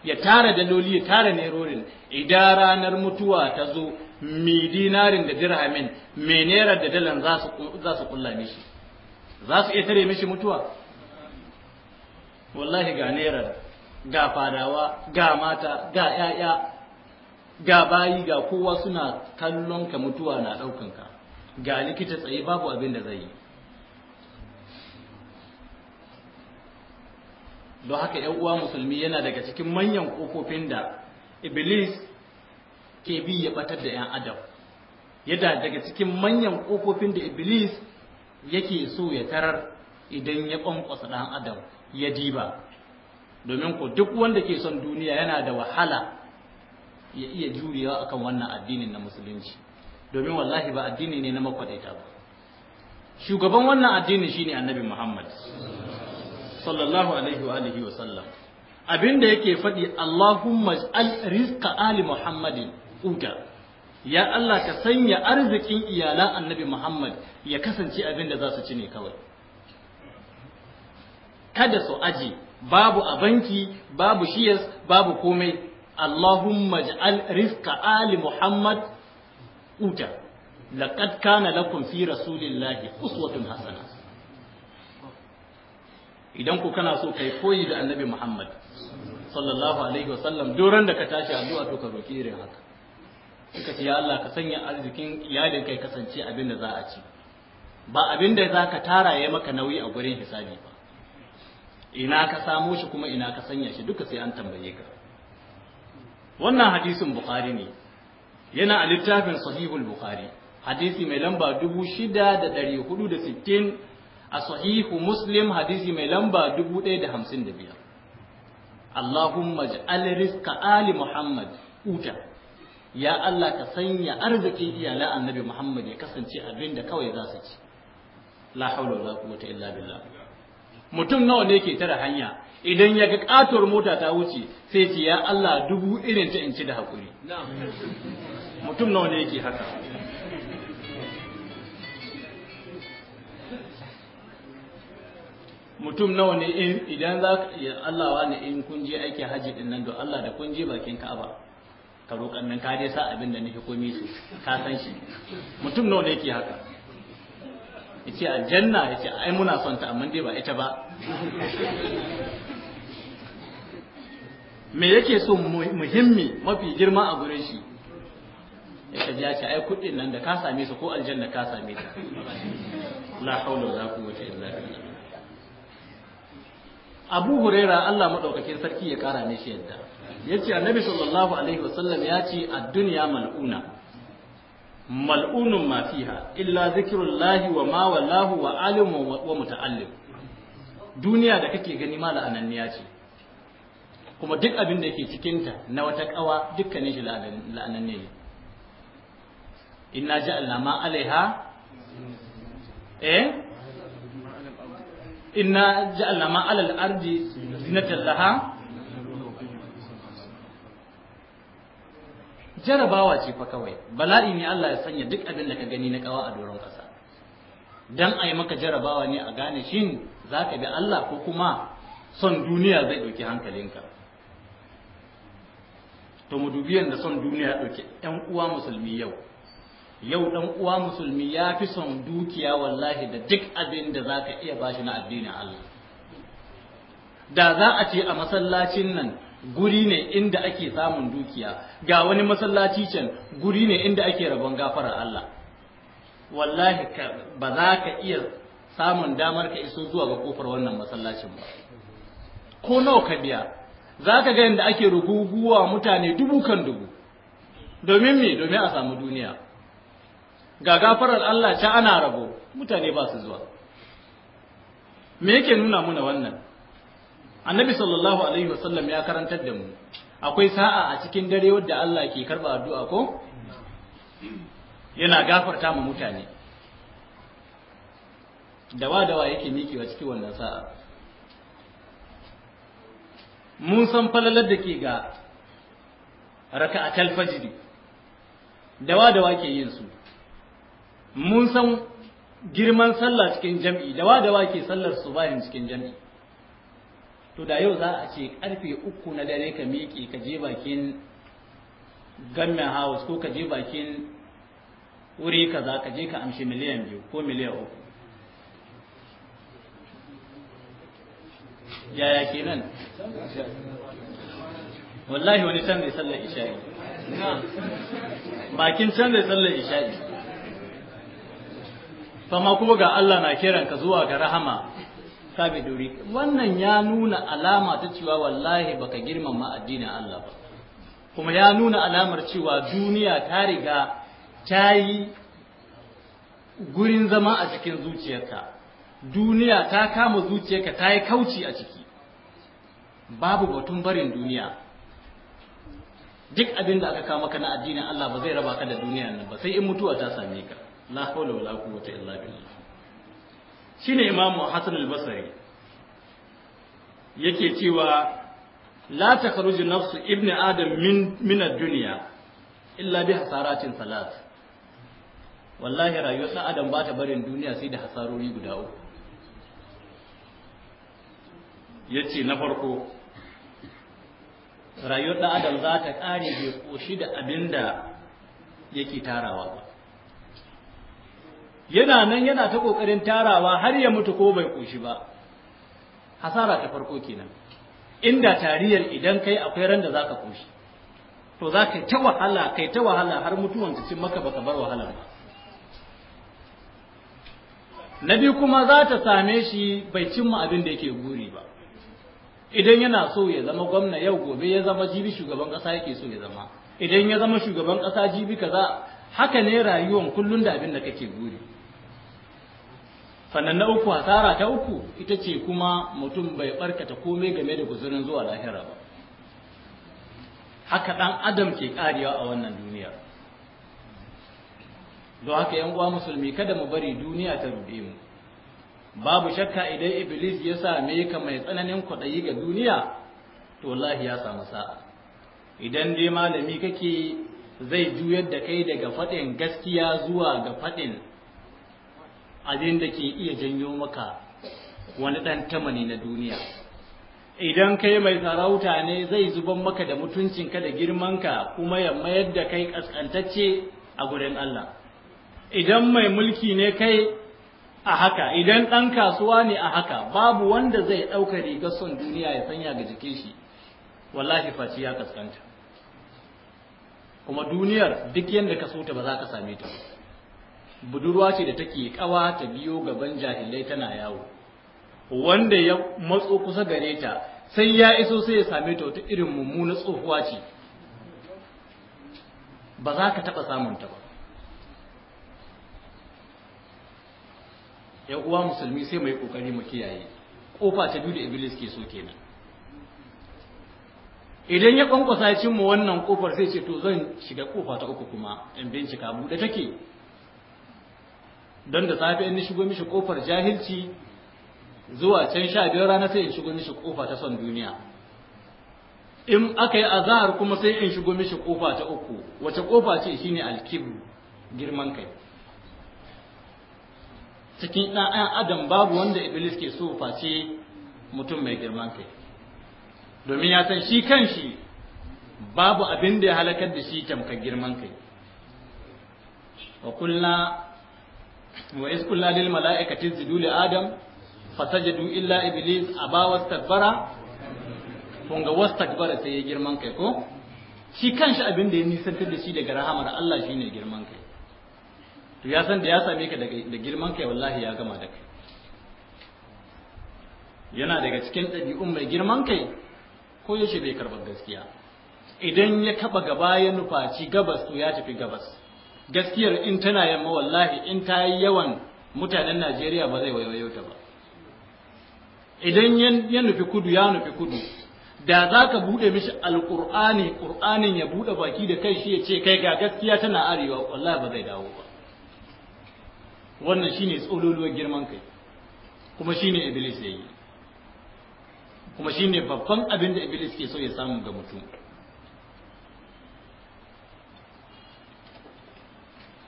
A: ya tara daloli ya tara nerorin idan ranar mutuwa ta zo mi dinarin da dirhamin me naira da dalan za su kulla mishi za su iya tare mishi mutuwa wallahi ga naira ga fadawa ga mata ga 'ya'ya ga bayi ga kowa suna kallon ka mutuwa na ɗaukan ka ga likita tsaye babu abin da zai yi don haka 'yan uwa musulmi yana daga cikin manyan ƙofofin da iblis ke bi ya batar da 'yan adam yadda daga cikin manyan ƙofofin da iblis yake so ya tarar idan ya ƙwanƙwasa ɗan adam ya diba domin ku duk wanda ke son duniya yana da wahala ya iya jurewa akan wannan addinin na musulunci domin wallahi ba addini ne na makwadaita ba shugaban wannan addini shine annabi muhammad sallallahu alaihi wa alihi wa sallam abinda yake faɗi allahumma al rizqa ali muhammadin uda ya Allah ka sanya arzikin iyalan annabi Muhammad ya kasance abin da za su ci ne kawai kada su aji babu a banki babu shiyas babu komai Allahumma ij'al rizqa ali Muhammad uta laqad kana lakum fi rasulillahi uswatun hasana idan ku kana so kai koyi da annabi Muhammad sallallahu alaihi wasallam duran da ka tashi addu'a to ka roki irin haka suka ce ya Allah ka sanya arzikin iyalin kai kasance abin da za a ci ba abin da za ka tara ya maka nauyi a gurin hisabi ba ina ka samo shi kuma ina ka sanya shi duka sai an tambaye ka wannan hadisin bukhari ne yana a littafin sahihul bukhari hadisi mai lamba da hudu sittin, a sahihu muslim hadisi mai lamba dubu ɗaya da 1055 Allahumma ij'al rizqa ali Muhammad uta ya Allah ka sanya arzikin iyala annabi Muhammad ya kasance abin da kawai za su ci la haula wala quwwata illa billah mutum nawa ne ke tara hanya idan ya ga katuwar mota ta wuce sai ce ya Allah dubu irin ta in ci da hakuri
B: mutum nawa ne yake haka
A: mutum nawa ne idan za Allah wa ne in kun je aikin haji din nan do Allah da kun je bakin Ka'aba ka roƙan nan ka dai sa abin da nake komai su ka san shi mutum nawa ne yake haka yace aljanna yace ai muna son ta amma dai ba ita ba me yake so muhimmi mafi girma a gurin shi ya ya ce ai kuɗin nan da ka same su ko aljanna ka same ta la haula wala quwwata illa billah abu huraira allah maɗaukakin sarki ya ƙara ne shi yadda ya ce annabi sallallahu alaihi wasallam ya ce a duniya mal'una mal'unun mafiha, fiha illa zikirullahi wa ma wallahu wa alimu wa muta'allim duniya da kake gani mala ya ce kuma duk abin da yake cikinta na wata ƙawa dukkanin shi la'ananne ne inna ja'alna ma alaiha eh inna ja'alna ma alal ardi zinatan laha jarabawa ce fa kawai bala'i ne Allah ya sanya duk abin da ka gani na kawa a doron kasa. dan a maka jarabawa ne a gane shin zaka bi Allah ko kuma son duniya zai ɗauki hankalinka to mu dubi son duniya ɗauki ‘yan uwa musulmi yau yau dan uwa musulmi ya fi son dukiya wallahi da duk abin da za ka iya bashi na addinin Allah da za a ce a masallacin nan guri ne inda ake samun dukiya ga wani masallaci can guri ne inda ake rabon gafarar Allah wallahi ba za ka iya samun damar ka iso zuwa ga kofar wannan masallacin ba ko nawa ka biya za ka ga yadda ake ruguguwa mutane dubu kan dubu domin me domin a samu duniya ga gafarar Allah ta ana rabo mutane ba su zuwa me yake nuna muna wannan annabi sallallahu alaihi wasallam ya karantar da mu akwai sa'a a cikin dare wadda Allah ke karba addu'a ko yana gafarta mu mutane dawa dawa yake wa cikin wannan sa'a mun san falalar da ke ga raka'atul fajr dawa dawa ke yin su mun san girman sallah cikin jam'i dawa dawa ke sallar su bayan cikin jam'i to da yau za a ce karfe uku na dare ka miƙe ka je bakin gamen house ko ka je bakin wuri kaza ka je ka amshi miliyan biyu ko miliyan uku yaya ke nan?
B: wallahi wani can
A: zai sallar isha'i bakin can zai sallar isha'i fama kuma ga Allah na kiran ka zuwa ga rahama ka bi duri wannan ya nuna alama ta cewa wallahi baka girmama addinin Allah ba kuma ya nuna alamar cewa duniya ta riga ta yi gurin zama a cikin zuciyarka duniya ta kama zuciyarka ta yi kauci a ciki babu batun barin duniya duk abin da aka kama ka na addinin Allah ba zai raba ka da duniya nan ba sai in mutuwa ta same ka la hawla wala quwwata illa billah shine imamu hasan al-basri yake cewa la takhruju nafsu ibni adam min min ad-dunya illa bi hasaratin salat wallahi rayuwar ɗan adam ba ta barin duniya sai da hasarori guda uku yace na farko rayuwar ɗan adam za ta kare bai ƙoshi da abin da yake tarawa ba yana nan yana ta ƙoƙarin tarawa har ya mutu ko bai ƙoshi ba hasara ta farko kenan inda tariyar idan kai akwai ran da zaka ƙoshi to za ka ta wahala kai ta wahala har mutuwan ta cin maka baka bar wahala ba na biyu kuma za ta same shi bai cimma abin da yake guri ba idan yana so ya zama gwamna yau gobe ya zama jibi shugaban ƙasa yake so ya zama idan ya zama shugaban ƙasa jibi kaza haka ne rayuwan kullun da abin da kake guri sannan na uku hasara ta uku ita ce kuma mutum bai barkata komai game da guzurin zuwa lahira ba haka ɗan adam ke karewa a wannan duniyar don haka yan uwa musulmi kada mu bari duniya ta rube mu babu shakka idan iblis ya same ka mai tsananin kwaɗayi ga duniya to wallahi ya samu sa'a idan dai malami kake zai juyar da kai daga faɗin gaskiya zuwa ga faɗin abin da ke iya janyo maka wani ɗan tamani na duniya idan kai mai sarauta ne zai zuban maka da mutuncinka da girmanka kuma ya mayar da kai ƙasƙantacce a gurin Allah idan mai mulki ne kai a haka idan ɗan kasuwa ne a haka babu wanda zai ɗauka rigar son duniya ya sanya ga jikin shi wallahi faci ya ƙasƙanta kuma duniyar duk yadda ka so ta ba za ka same ta ba budurwa ce da take kawa ta biyo gaban jahilai tana yawo wanda ya matso kusa gare ta sai ya iso sai ya same ta wata irin mummuna tsohuwa ce ba za ka taɓa ta ba yan uwa musulmi sai mai kokari mu kiyaye kofa ta biyu da iblis ke so kenan idan ya kwankwasa cin mu wannan kofar sai ce to zan shiga kofa ta uku kuma in bincika buɗe take don da safe in shigo mishi kofar jahilci zuwa can sha biyar rana sai in shigo mishi kofa ta son duniya in aka yi azahar kuma sai in shigo mishi kofa ta uku wace kofa ce shine alkibu girman kai cikin ɗan adam babu wanda iblis ke so face mutum mai girman kai domin ya san shi kan shi babu abin da ya halakar da shi tamkar girman kai wa kulla wa iz qulna lil mala'ikati isjudu li adam fasajadu illa iblis aba wastakbara kun ga wastakbara sai ya girman kai ko shi kanshi abin da ya nisantar da shi daga rahamar Allah shine girman kai to ya san da ya same ka da girman kai wallahi ya gama da kai yana daga cikin ɗabi'un mai girman kai ko yaushe bai karɓar gaskiya idan ya taɓa gaba ya nufaci gabas to ya tafi gabas gaskiyar in tana yamma wallahi in ta yi yawan mutanen Najeriya ba zai waiwayo ta ba idan ya nufi kudu ya nufi kudu da za ka buɗe mishi alƙur'ani ƙur'anin ya buɗe baki da kai shi ya ce kai ga gaskiya tana arewa wallahi ba zai dawo ba wannan shine tsololuwar girman kai kuma shine iblis yi, kuma shine babban abin da iblis ke so ya samu ga mutum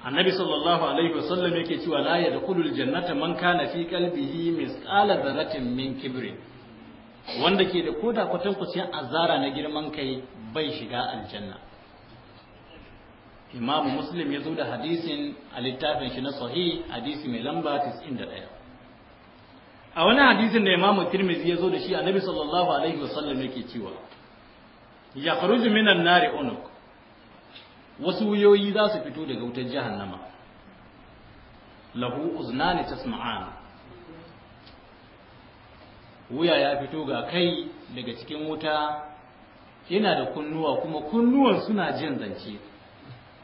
A: annabi sallallahu alaihi wasallam yake cewa la yadkhulul jannata man kana fi qalbihi misqala dharratin min kibrin wanda ke da koda kwatan azara na girman kai bai shiga aljanna imamu muslim ya zo da hadisin a littafin shi na sahih hadisi mai lamba 91 a wani hadisin da imamu tirmidhi ya zo da shi annabi sallallahu alaihi wasallam yake cewa yakhruju minan nari unuk wasu wuyoyi za su fito daga wutar jahannama lahu uznani tasma'an wuya ya fito ga kai daga cikin wuta yana da kunnuwa kuma kunnuwan suna jin zance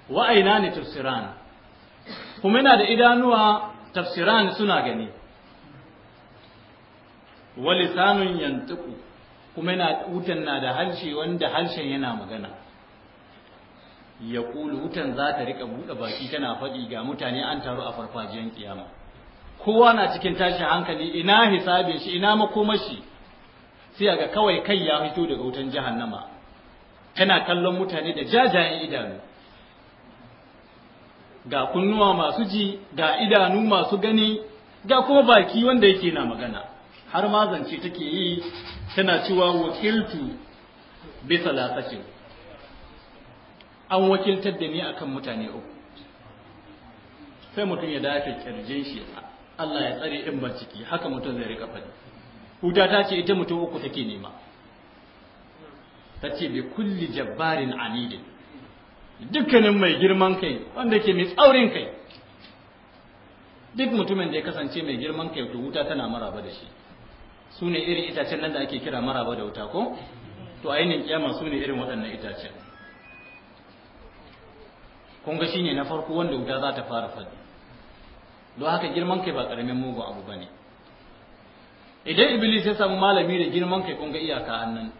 A: wa'aina ne tafsiran kuma yana da idanuwa tafsiran suna gani Wa lisanun yantuku kuma yana wutan na da harshe wanda harshen yana magana ya kulu wutan za ta riƙa buɗe baki tana faɗi ga mutane an taru a farfajiyar kiyama kowa na cikin tashin hankali ina hisabin shi ina makomashi sai ga kawai kai ya fito daga wutan jahannama tana kallon mutane da jajayen idanu ga kunnuwa masu ji ga idanu masu gani ga kuma baki wanda yake na magana har ma zance take yi tana cewa wakiltu bisa lasatin an wakiltar da ni akan mutane uku sai mutum ya dafe kirjin shi Allah ya tsare in ba ciki haka mutum zai rika fadi huta ta ce ita mutum uku take nema ta ce bi kulli jabbarin anidin dukkanin mai girman kai wanda ke mai tsaurin kai duk mutumin da ya kasance mai girman kai to wuta tana maraba da shi su ne irin itacen nan da ake kira maraba da wuta ko to ainihin kiyama su ne irin waɗannan itacen kun ga shine na farko wanda wuta za ta fara faɗi don haka girman kai ba ƙaramin mugun abu ba ne idan iblis ya samu malami da girman kai kun ga iyaka annan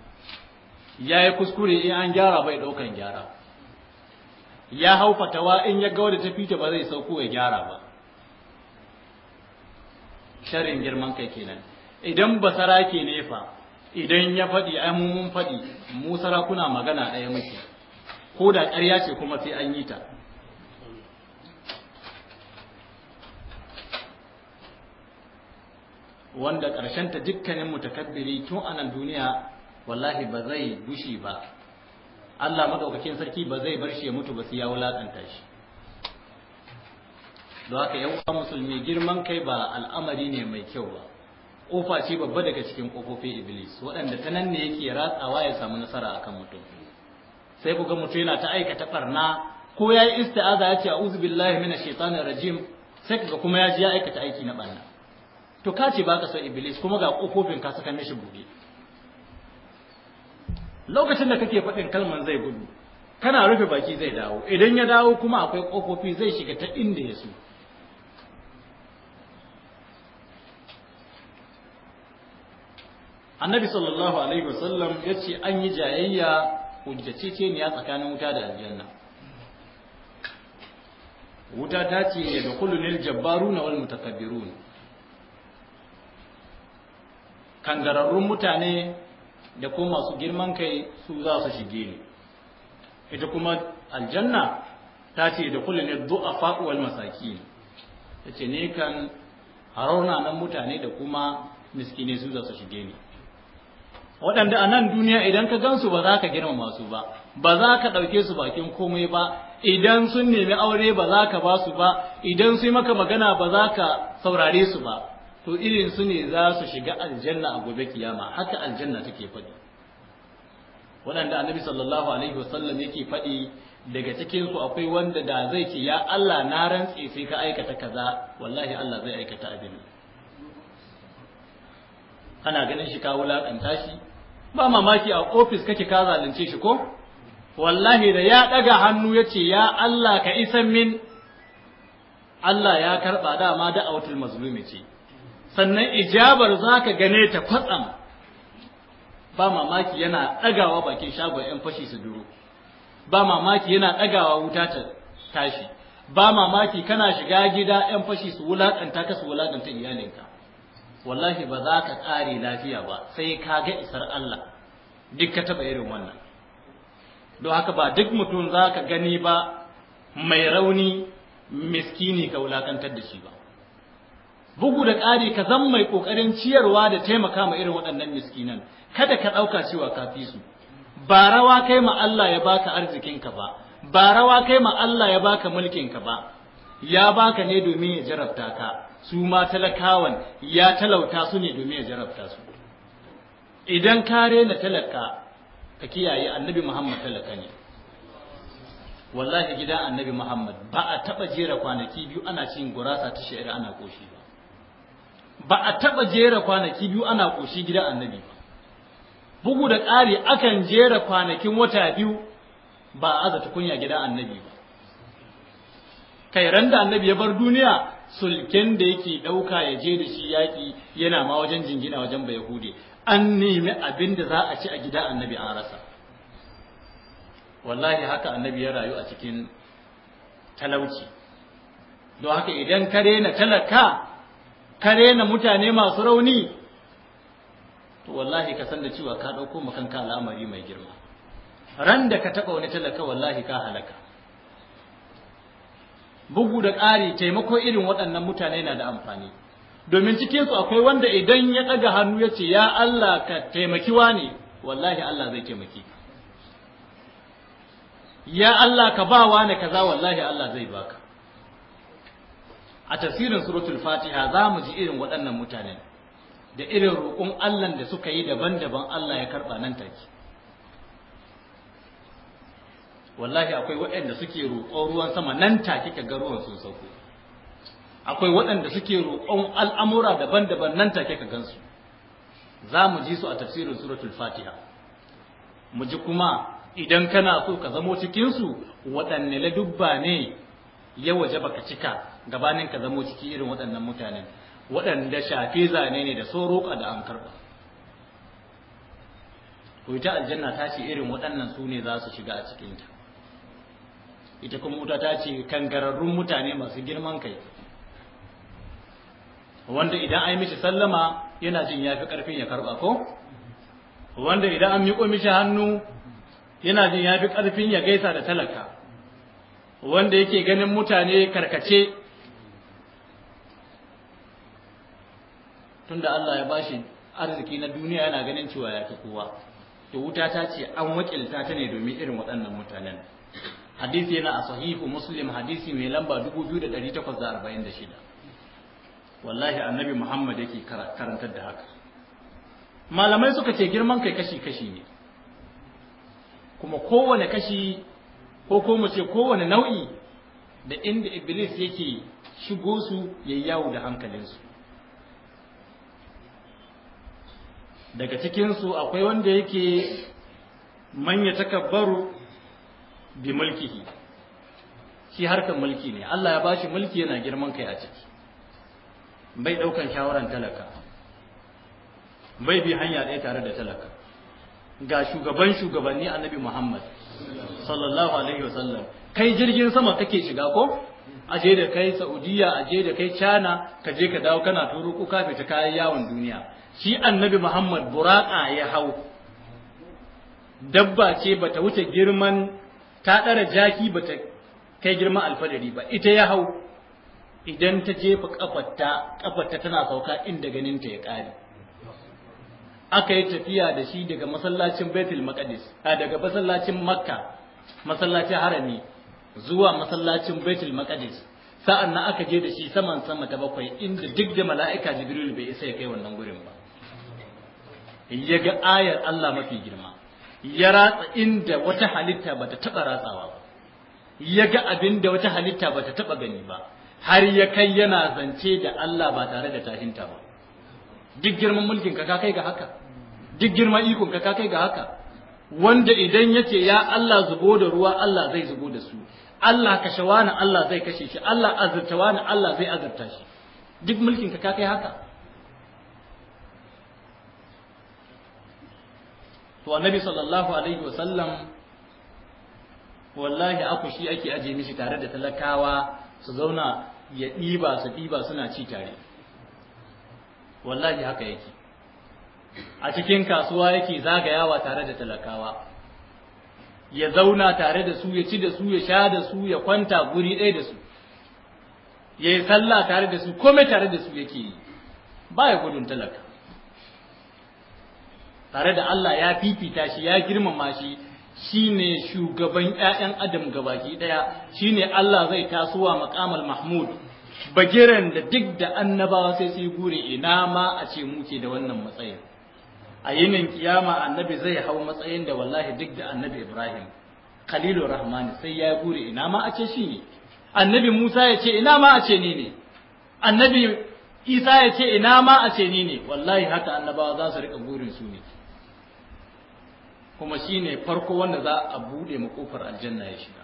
A: ya yi kuskure in an gyara bai ɗaukan gyara ya hau fatawa in ya ga wadda ta fita ba zai sauko ya gyara ba sharin girman kai kenan idan basara ke nefa idan ya faɗi ai mun faɗi mu sarakuna magana ɗaya muke ko da ƙarya ce kuma sai an yi ta wanda ta dukkanin mutakabbiri tun a nan duniya wallahi ba zai gushi ba Allah madaukakin sarki ba zai bar shi ya mutu ba sai ya wulakanta shi don haka yan uwa musulmi girman kai ba al'amari ne mai kyau ba kofa ce babba daga cikin kofofin iblis waɗanda ta nan ne yake ratsawa ya samu nasara akan mutum sai ku ga mutum yana ta aikata barna ko ya yi isti'aza ya ce a'udhu billahi minash shaitanir rajim sai kaga kuma ya ji ya aikata aiki na barna to ka ce baka so iblis kuma ga kofofin ka saka mishi buɗe lokacin da kake faɗin kalman zai gudu kana rufe baki zai dawo idan ya dawo kuma akwai kofofi zai shiga ta inda ya so annabi sallallahu alaihi wasallam ya ce an yi jayayya hujjaceceniya tsakanin wuta da aljanna wuta ta ce ya da kulunil jabbaruna wal mutakabbirun kangararrun mutane da kuma masu girman kai su za su shige ni ita kuma aljanna ta ce da kullum ne a wal masaki, ta ce ne kan nan mutane da kuma miskine su za su shige ni waɗanda a nan duniya idan ka gansu ba za ka girma masu ba ba za ka ɗauke su bakin komai ba idan sun nemi aure ba za ka ba su ba idan yi maka magana ba za ka saurare su ba to irin su ne za su shiga aljanna a gobe kiyama haka aljanna take faɗi waɗanda annabi sallallahu alaihi wasallam yake faɗi daga cikin su akwai wanda da zai ce ya Allah na rantse sai ka aikata kaza wallahi Allah zai aikata abin ana ganin shi kawo wulakanta shi ba mamaki a ofis kake ka zalunce shi ko wallahi da ya ɗaga hannu ya ce ya Allah ka isan min Allah ya karɓa dama da'awatul mazlumi ce sannan ijabar za ka gane ta kwatsam ba mamaki yana ɗagawa bakin shagon 'yan fashi su duro ba mamaki yana ɗagawa wuta ta tashi ba mamaki kana shiga gida 'yan fashi su wulaƙanta ka su wulaƙanta iyalinka wallahi ba za ka ƙare lafiya ba sai ka ga isar Allah duk ka taɓa irin wannan don haka ba duk mutum za ka gani ba mai rauni miskini ka wulaƙantar da shi ba bugu da ƙari ka zan mai ƙoƙarin ciyarwa da taimaka ma irin waɗannan miskinan kada ka ɗauka cewa ka fi su ba rawa kai ma Allah ya baka arzikinka ba ba rawa kai ma Allah ya baka mulkinka ba ya baka ne domin ya jarabta ka su ma talakawan ya talauta su ne domin ya jarabta su idan ka rena talaka ka kiyaye annabi Muhammad talaka ne wallahi gidan annabi Muhammad ba a taɓa jera kwanaki biyu ana cin gurasa ta sha'ira ana koshi ba ba a taɓa jera kwanaki biyu ana ƙoshi gida annabi ba bugu da ƙari akan jera kwanakin wata biyu ba a azata kunya gida annabi ba kai ran da annabi ya bar duniya sulken da yake ɗauka ya je da shi yaƙi yana ma wajen jingina wajen ba yahudi an nemi abin da za a ci a gida annabi an rasa wallahi haka annabi ya rayu a cikin talauci don haka idan ka rena talaka ka rena mutane masu rauni to wallahi ka san da cewa ka ɗauko ma kanka al'amari mai girma ran da ka taɓa wani talaka wallahi ka halaka bugu da ƙari taimako irin waɗannan mutane na da amfani domin cikinsu akwai wanda idan ya ɗaga hannu ya ce ya Allah ka taimaki ni?' wallahi Allah zai taimaki ya Allah ka ba ni kaza wallahi Allah zai baka a tafsirin suratul fatiha za mu ji irin waɗannan mutanen da irin roƙon Allah da suka yi daban-daban Allah ya karɓa nan take wallahi akwai waɗanda suke roƙon ruwan sama nan take ka ga ruwan sun sauko akwai waɗanda suke roƙon al'amura daban-daban nan take ka gansu za mu ji su a tafsirin suratul fatiha mu ji kuma idan kana so ka zamo cikinsu waɗanne ladubba ne ya waje baka cika gabanin ka zamo ciki irin waɗannan mutanen waɗanda shafe zane ne da so roƙa da an karɓa to ita aljanna ta ce irin waɗannan su ne za su shiga a cikinta ita kuma wuta ta ce kangararrun mutane masu girman kai wanda idan an yi mishi sallama yana jin ya fi ƙarfin ya karɓa ko wanda idan an miƙo mishi hannu yana jin ya fi ƙarfin ya gaisa da talaka wanda yake ganin mutane karkace tunda Allah ya bashi arziki na duniya yana ganin cewa ya kowa to wuta ta ce an wakilta ta ne domin irin waɗannan mutanen hadisi yana a sahihu muslim hadisi mai lamba 2846 wallahi annabi muhammad yake karantar da haka malamai suka ce girman kai kashi-kashi ne kuma kowane kashi ko ko mu ce kowane nau'i da inda iblis yake shigo su yayi yawo da hankalinsu daga cikinsu akwai wanda yake manya takabbaru bi mulkihi shi harkar mulki ne Allah ya bashi mulki yana girman kai a ciki bai ɗaukan shawaran talaka bai bi hanya ɗaya tare da talaka ga shugaban shugabanni annabi Muhammad sallallahu alaihi wasallam kai jirgin sama kake shiga ko aje da kai Saudiya aje da kai China ka ka dawo kana turo ko ka fita kayan yawon duniya shi annabi Muhammad buraka ya hau dabba ce bata wuce girman ta ɗara jaki bata kai girman alfadari ba ita ya hau idan ta jefa kafarta kafarta tana sauka inda ganinta ya ƙare aka yi tafiya da shi daga masallacin Baitul Maqdis a daga masallacin Makka masallacin Harami zuwa masallacin Baitul Maqdis sa'an nan aka je da shi saman sama ta bakwai inda duk da mala'ika Jibril bai isa ya kai wannan gurin ba ya ga ayar Allah mafi girma ya ratsa inda wata halitta bata taba ratsawa ba ya ga abin da wata halitta bata taɓa gani ba har ya kai yana zance da Allah ba tare da tahinta ba duk girman mulkin ka kai ga haka duk girman ikon ka kai ga haka wanda idan yace ya Allah zubo da ruwa Allah zai zubo da su Allah kashe Allah zai kashe shi Allah azurta Allah zai azurta shi duk mulkin ka kai haka to annabi sallallahu alaihi wasallam wallahi akushi ake aje mishi tare da talakawa su zauna ya diba su diba suna ci tare wallahi haka yake a cikin kasuwa yake zagayawa tare da talakawa ya zauna tare da su ya ci da su ya sha da su ya kwanta guri ɗaya da su ya yi sallah tare da su komai tare da su yake yi ba ya gudun talaka tare da Allah ya fifita shi ya girmama shi shine shugaban ƴaƴan adam gabaki daya shine Allah zai tasowa maqamal mahmud bagiran da duk da annabawa sai su gure ina ma a ce muke da wannan matsayin a yinin kiyama annabi zai hau matsayin da wallahi duk da annabi ibrahim khalilu rahmani sai ya gure ina ma a ce shi ne annabi musa ya ce ina ma a ce ni ne annabi isa ya ce ina ma a ce ni ne wallahi haka annabawa za su rika gurin su ne kuma shi ne farko wanda za a bude makofar aljanna ya shiga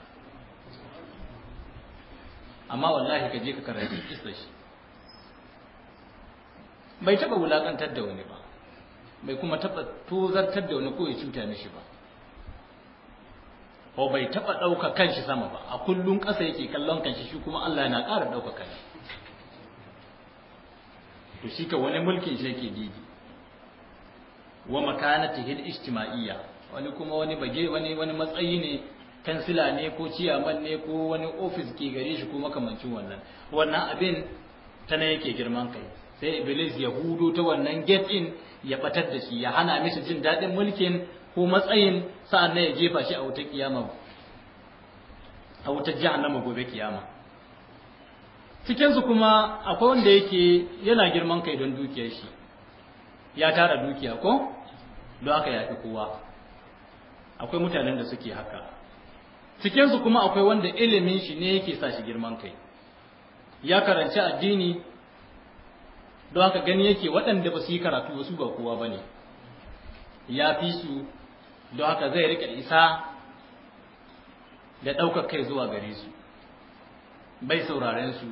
A: amma wallahi ka je ka karanta kisa shi bai taba wulakantar da wani ba bai kuma taba tozartar da wani ko ya cuta mishi ba ko bai taba dauka kanshi sama ba a kullun kasa yake kallon kanshi shi kuma Allah yana ƙara dauka kanshi to shi ka wani mulkin shi yake didi wa al ijtima'iyya wani kuma wani bage wani wani matsayi ne kansila ne ko ciyaman ne ko wani ofis ke gare shi ko makamancin wannan wannan abin ta na yake girman kai sai iblis ya hudo ta wannan get in ya batar da shi ya hana mishi jin daɗin mulkin ko matsayin sa'an nan ya jefa shi a wutar kiyama a wutar jahannama gobe kiyama cikinsu kuma akwai wanda yake yana girman kai don dukiyar shi ya tara dukiya ko don aka yafi kowa akwai mutanen da suke haka cikinsu kuma akwai wanda ilimin shi ne yake sa shi girman kai ya karanci addini don haka gani yake waɗanda ba su yi karatu ba su ba kowa ba ne ya fi su don haka zai riƙe isa da ɗaukar kai zuwa gare su bai sauraren su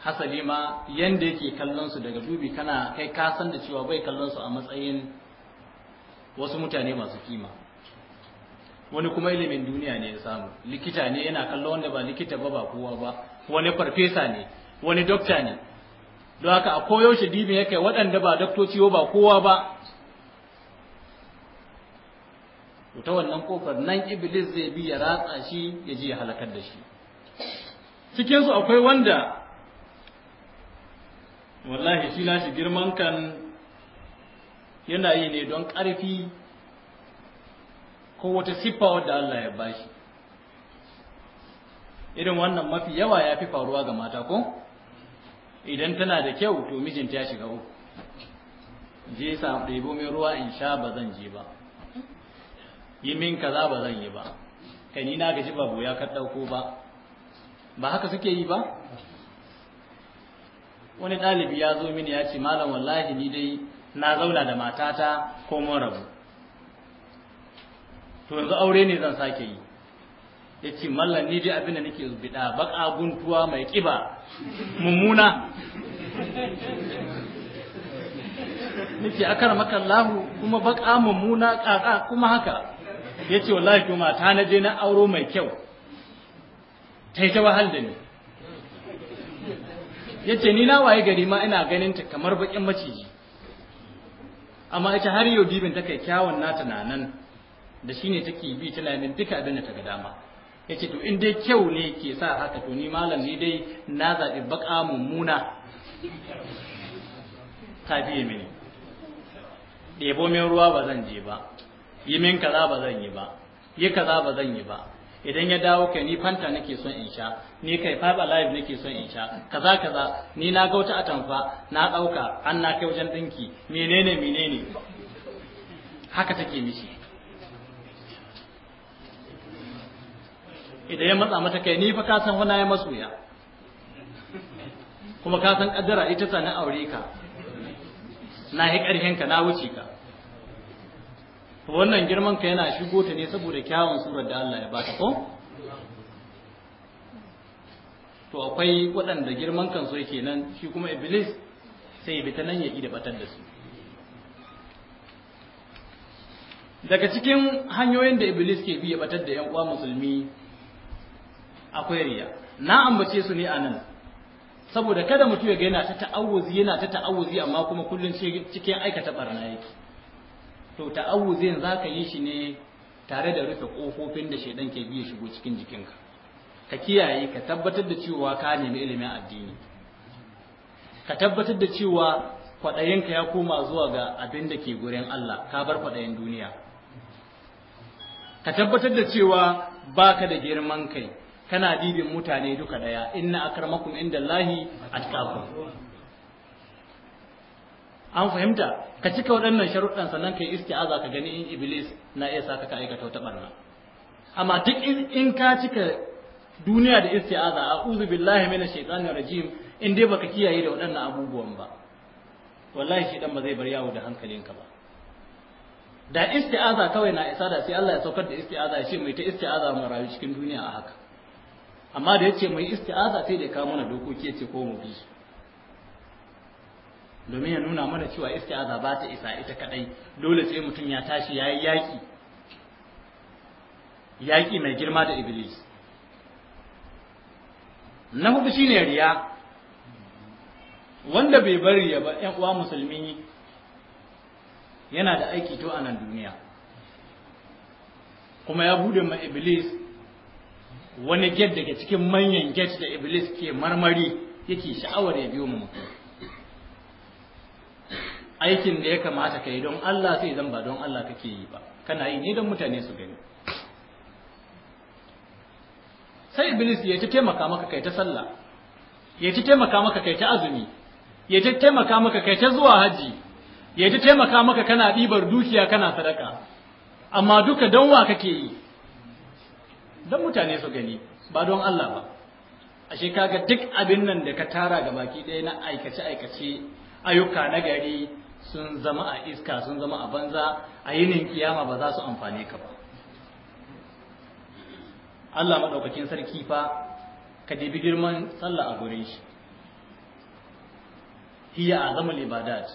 A: hasali ma yanda yake kallon su daga dubi kana kai ka san da cewa bai kallon su a matsayin wasu mutane masu kima wani kuma ilimin duniya ne ya samu likita ne yana kallon wanda ba likita ba ba kowa ba wani farfesa ne wani dokta ne don haka a koyaushe dibin ya kai waɗanda ba doktoci ba kowa ba ta wannan kofar nan iblis zai bi ya ratsa shi ya ji ya halakar da shi cikinsu akwai wanda wallahi shi na shi girman kan yana yi ne don ƙarfi ko wata siffa wadda Allah ya ba shi irin wannan mafi yawa ya fi faruwa ga mata ko idan tana da kyau to mijinta ya shiga uku je sa ɗebo min ruwa in sha ba zan je ba yi min kaza ba zan yi ba Kan yi na gaji ba ya ka ɗauko ba ba haka suke yi ba wani ɗalibi ya zo mini ya ce malam wallahi ni dai na zauna da matata ko mun rabu to yanzu aure ne zan sake yi ya ce mallan ni dai abin da nake bida baka guntuwa mai kiba mummuna
B: nake akar
A: lahu kuma baka mummuna kaka kuma haka ya ce wallahi kuma mata na je na auro mai kyau ta yi ta wahal da ni ya ce ni na waye gari ma ina ganin ta kamar bakin maciji amma ita har yau dibin ta kai kyawun nata na nan da shine take bi tana yin duka abin da ta ga dama yace to in dai kyau ne ke sa haka to ni malam ne dai na zabi baka mummuna ta biye mini ɗebo min ruwa ba zan je ba yi min kaza ba zan yi ba yi kaza ba zan yi ba idan ya dawo kai ni fanta nake son in sha ni kai five alive nake son in sha kaza kaza ni na ga wata atamfa na dauka an na kai wajen dinki menene menene haka take mishi idan ya matsa mata kai ni fa ka san wani ya masoya
B: kuma ka san kaddara ita sanin
A: aure ka na yi ka na wuce ka to wannan girman ka yana shigo ta ne saboda kyawun surar da Allah ya bata ko to akwai waɗanda girman kansu yake nan shi kuma iblis sai bi ta nan ya da batar da su daga cikin hanyoyin da iblis ke bi ya batar da yan uwa musulmi akwai riya na ambace su ne a nan saboda kada mutum ya ga yana ta ta'awuzi yana ta ta'awuzi amma kuma kullum cikin aikata barna yake to ta'awuzin za ka yi shi ne tare da rufe ƙofofin da shaidan ke biya shigo cikin jikinka ka kiyaye ka tabbatar da cewa ka nemi ilimin addini ka tabbatar da cewa kwaɗayinka ya koma zuwa ga abin da ke gurin Allah ka bar kwaɗayin duniya ka tabbatar da cewa ba ka da girman kai kana dibin mutane duka ɗaya inna akramakum indallahi atqakum an fahimta ka cika waɗannan sharuɗan sannan ka yi isti'aza ka gani in iblis na iya saka ka aikata wata barna amma duk in ka cika duniya da isti'aza a'udhu billahi minash shaitanir rajim in dai baka kiyaye da waɗannan abubuwan ba wallahi shi dan ba zai bar yawo da hankalinka ba da isti'aza kawai na isa da sai Allah ya saukar da isti'aza ya mai ta isti'aza mu rayu cikin duniya a haka amma da ya ce mai isti'aza sai da ya kawo mana dokoki ya ce ko mu bi shi domin ya nuna mana cewa isti'aza ba ta isa ita kadai dole sai mutum ya tashi ya yi yaƙi yaƙi mai girma da iblis na hudu shine riya wanda bai bari ya ba yan uwa musulmi yana da aiki to a nan duniya kuma ya bude ma iblis wani get daga cikin manyan get da iblis ke marmari yake sha'awar ya biyo mu mutum aikin da ya kamata ka yi don Allah sai zan ba don Allah kake yi ba kana yi ne don mutane su gani sai iblis ya ta taimaka maka kai ta sallah ya ta taimaka maka kai ta azumi ya ta taimaka maka kai ta zuwa haji ya ta taimaka maka kana ɗibar dukiya kana sadaka amma duka don wa kake yi don mutane su gani ba don Allah ba ashe kaga duk abin nan da ka tara ga baki ɗaya na aikace aikace ayyuka na gari sun zama a iska sun zama a banza a yinin kiyama ba za su amfane ka ba Allah maɗaukakin sarki fa ka bi girman sallah a gurin shi hiya a zama ibadat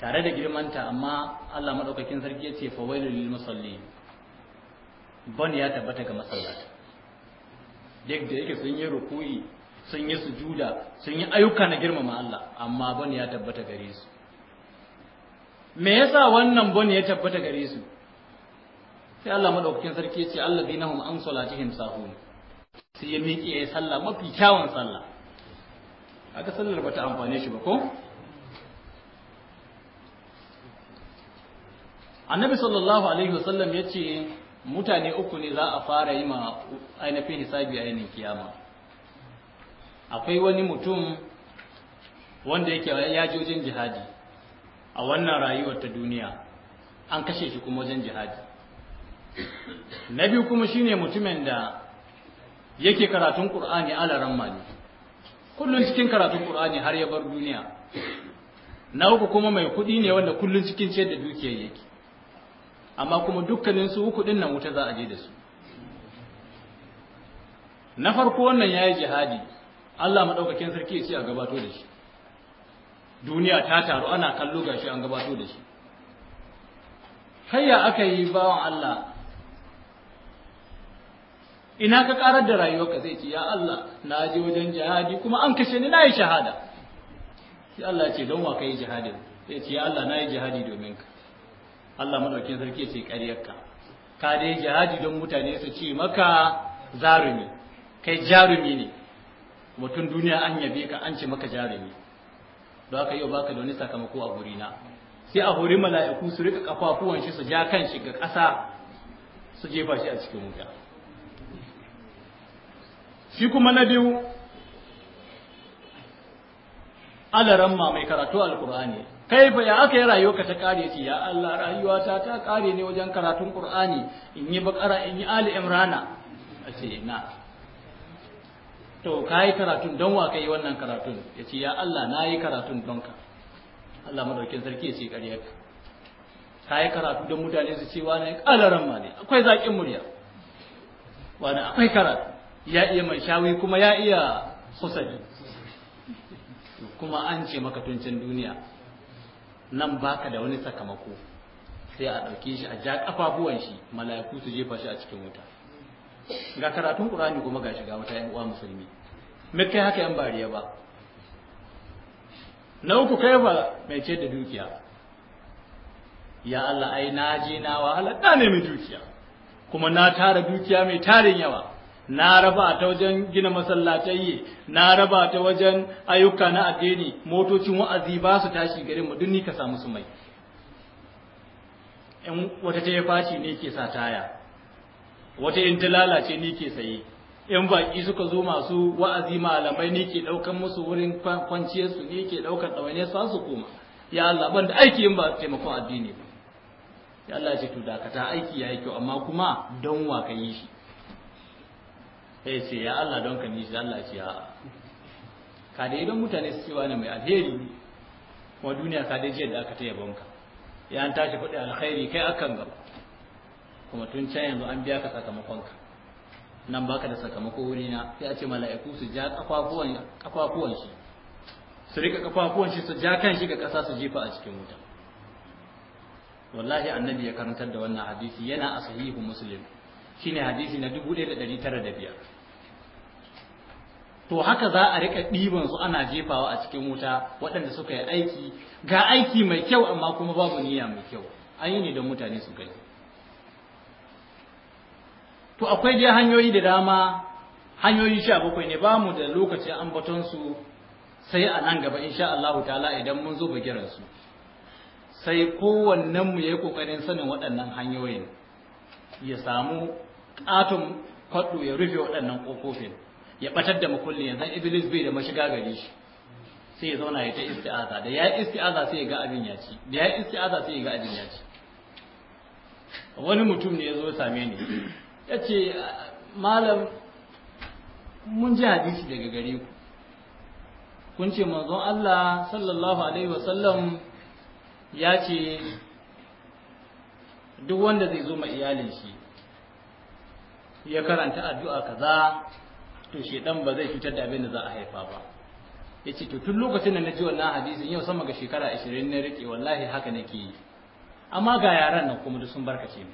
A: tare da girmanta amma Allah maɗaukakin sarki ya ce fawailu lil musalli ban ya tabbata ga masallata da yake sun yi rukuyi sun yi sujuda sun yi ayyuka na girmama Allah amma ban ya tabbata gare su me yasa wannan bane ya tabbata gare su sai Allah madaukakin sarki ya ce allazina hum an salatihim sahun sai ya miƙe ya sallah mafi kyawun sallah aka sallar bata amfane shi ba ko annabi sallallahu alaihi wasallam ya ce mutane uku ne za a fara yi ma ainihin hisabi a yanin kiyama akwai wani mutum wanda yake yajojin jihadi a wannan rayuwar ta duniya an kashe shi kuma wajen jihadi na biyu kuma shine mutumin da yake karatun qur'ani ala ramani kullun cikin karatun qur'ani har ya bar duniya na uku kuma mai kuɗi ne wanda kullun cikin ciyar da dukiyar yake amma kuma dukkanin su uku nan wuta za a je da su na farko wannan yayi jihadi Allah madaukakin sarki ya ce a gabato da shi duniya ta taru ana kallo gashi an gabato da shi ya aka yi bawan Allah ina ka karar da ka zai ce ya Allah na je wajen jihadi kuma an kashe ni na yi shahada sai Allah ya ce don wa kai jihadin sai ce ya Allah na yi jihadi domin ka Allah madaukin sarki ya ce ƙaryarka ka dai jihadi don mutane su ce maka zarumi kai jarumi ne mutum duniya an yabe ka an ce maka jarumi don haka yau baka da wani sakamako a gurina sai a hori mala'iku su rika kafafuwan shi su ja kan shi ga ƙasa su jefa shi a cikin wuta shi kuma na biyu alaran ma mai karatu alkur'ani kai fa ya aka yi rayuwa ta kare ce ya Allah rayuwata ta kare ne wajen karatun qur'ani in yi bakara in yi ali imrana a ce na to ka yi karatun don wa ka yi wannan karatun ya ce ya Allah na yi karatun don ka Allah madaukin sarki ya ce ƙaryar ka Ka yi karatu don mutane su ce wani ƙalaran ma ne akwai zaƙin murya wani akwai karatu ya iya mai shawi kuma ya iya kusari kuma an ce maka tuncin duniya nan baka da wani sakamako sai a ɗauke shi a ja ƙafafuwan shi mala'iku su jefa shi a cikin wuta ga karatun ƙurani kuma ga shiga wata yan musulmi me haka yan bariya ba na uku kai ba mai ce da dukiya ya Allah ai na je na wahala ne mai dukiya kuma na tara dukiya mai tarin yawa na raba ta wajen gina masallatai na raba ta wajen ayyuka na addini motocin wa'azi ba su tashi garin mu duk ni ka samu su mai in wata ta ya fashi ne ke sa taya wata in ta lalace ni ke saye in baki suka zo masu wa'azi malamai ni ke daukan musu wurin kwanciyar su ni ke daukan ɗawainiyar su su koma ya Allah ban da aiki in ba taimakon addini ba ya Allah ce to dakata aiki yayi kyau amma kuma don wa ka yi shi sai ce ya Allah don ka yi shi Allah ce a'a ka da don mutane su cewa wani mai alheri kuma duniya ka dai jiya da aka taya banka ya an tashi kuɗi alkhairi kai akan gaba kuma tun can yanzu an biya ka sakamakonka nan baka da sakamako wuri na sai a ce mala'iku su ja kafafuwan kafafuwan shi su rika kafafuwan shi su ja kan shi ga kasa su jifa a cikin wuta wallahi annabi ya karantar da wannan hadisi yana a sahihu muslim shine hadisi na 1905 to haka za a rika ɗiban su ana jefawa a cikin wuta waɗanda suka yi aiki ga aiki mai kyau amma kuma babu niyya mai kyau an yi ne don mutane su gani to akwai dai hanyoyi da dama hanyoyi sha bakwai ne ba mu da an baton su sai a nan gaba insha Allah ta'ala idan mun zo bagiran su sai kowannen mu yayi kokarin sanin waɗannan hanyoyin ya samu katon kwaɗo ya rufe waɗannan ƙofofin ya ɓatar da makulli yanzu iblis bai da mashiga gare shi sai ya zauna ya ta isti'aza da ya isti'aza sai ya ga abin ya ci da ya isti'aza sai ya ga abin ya ci wani mutum ne ya zo same ni ya ce malam mun ji hadisi daga gare ku kun ce manzon Allah sallallahu alaihi wasallam ya ce duk wanda zai zo ma iyalin shi ya karanta addu'a kaza to shedan ba zai fitar da abin da za a haifa ba ya ce to tun lokacin da na ji wannan hadisin yau sama ga shekara ashirin na rike wallahi haka nake yi amma ga yaran nan kuma duk sun barkace mu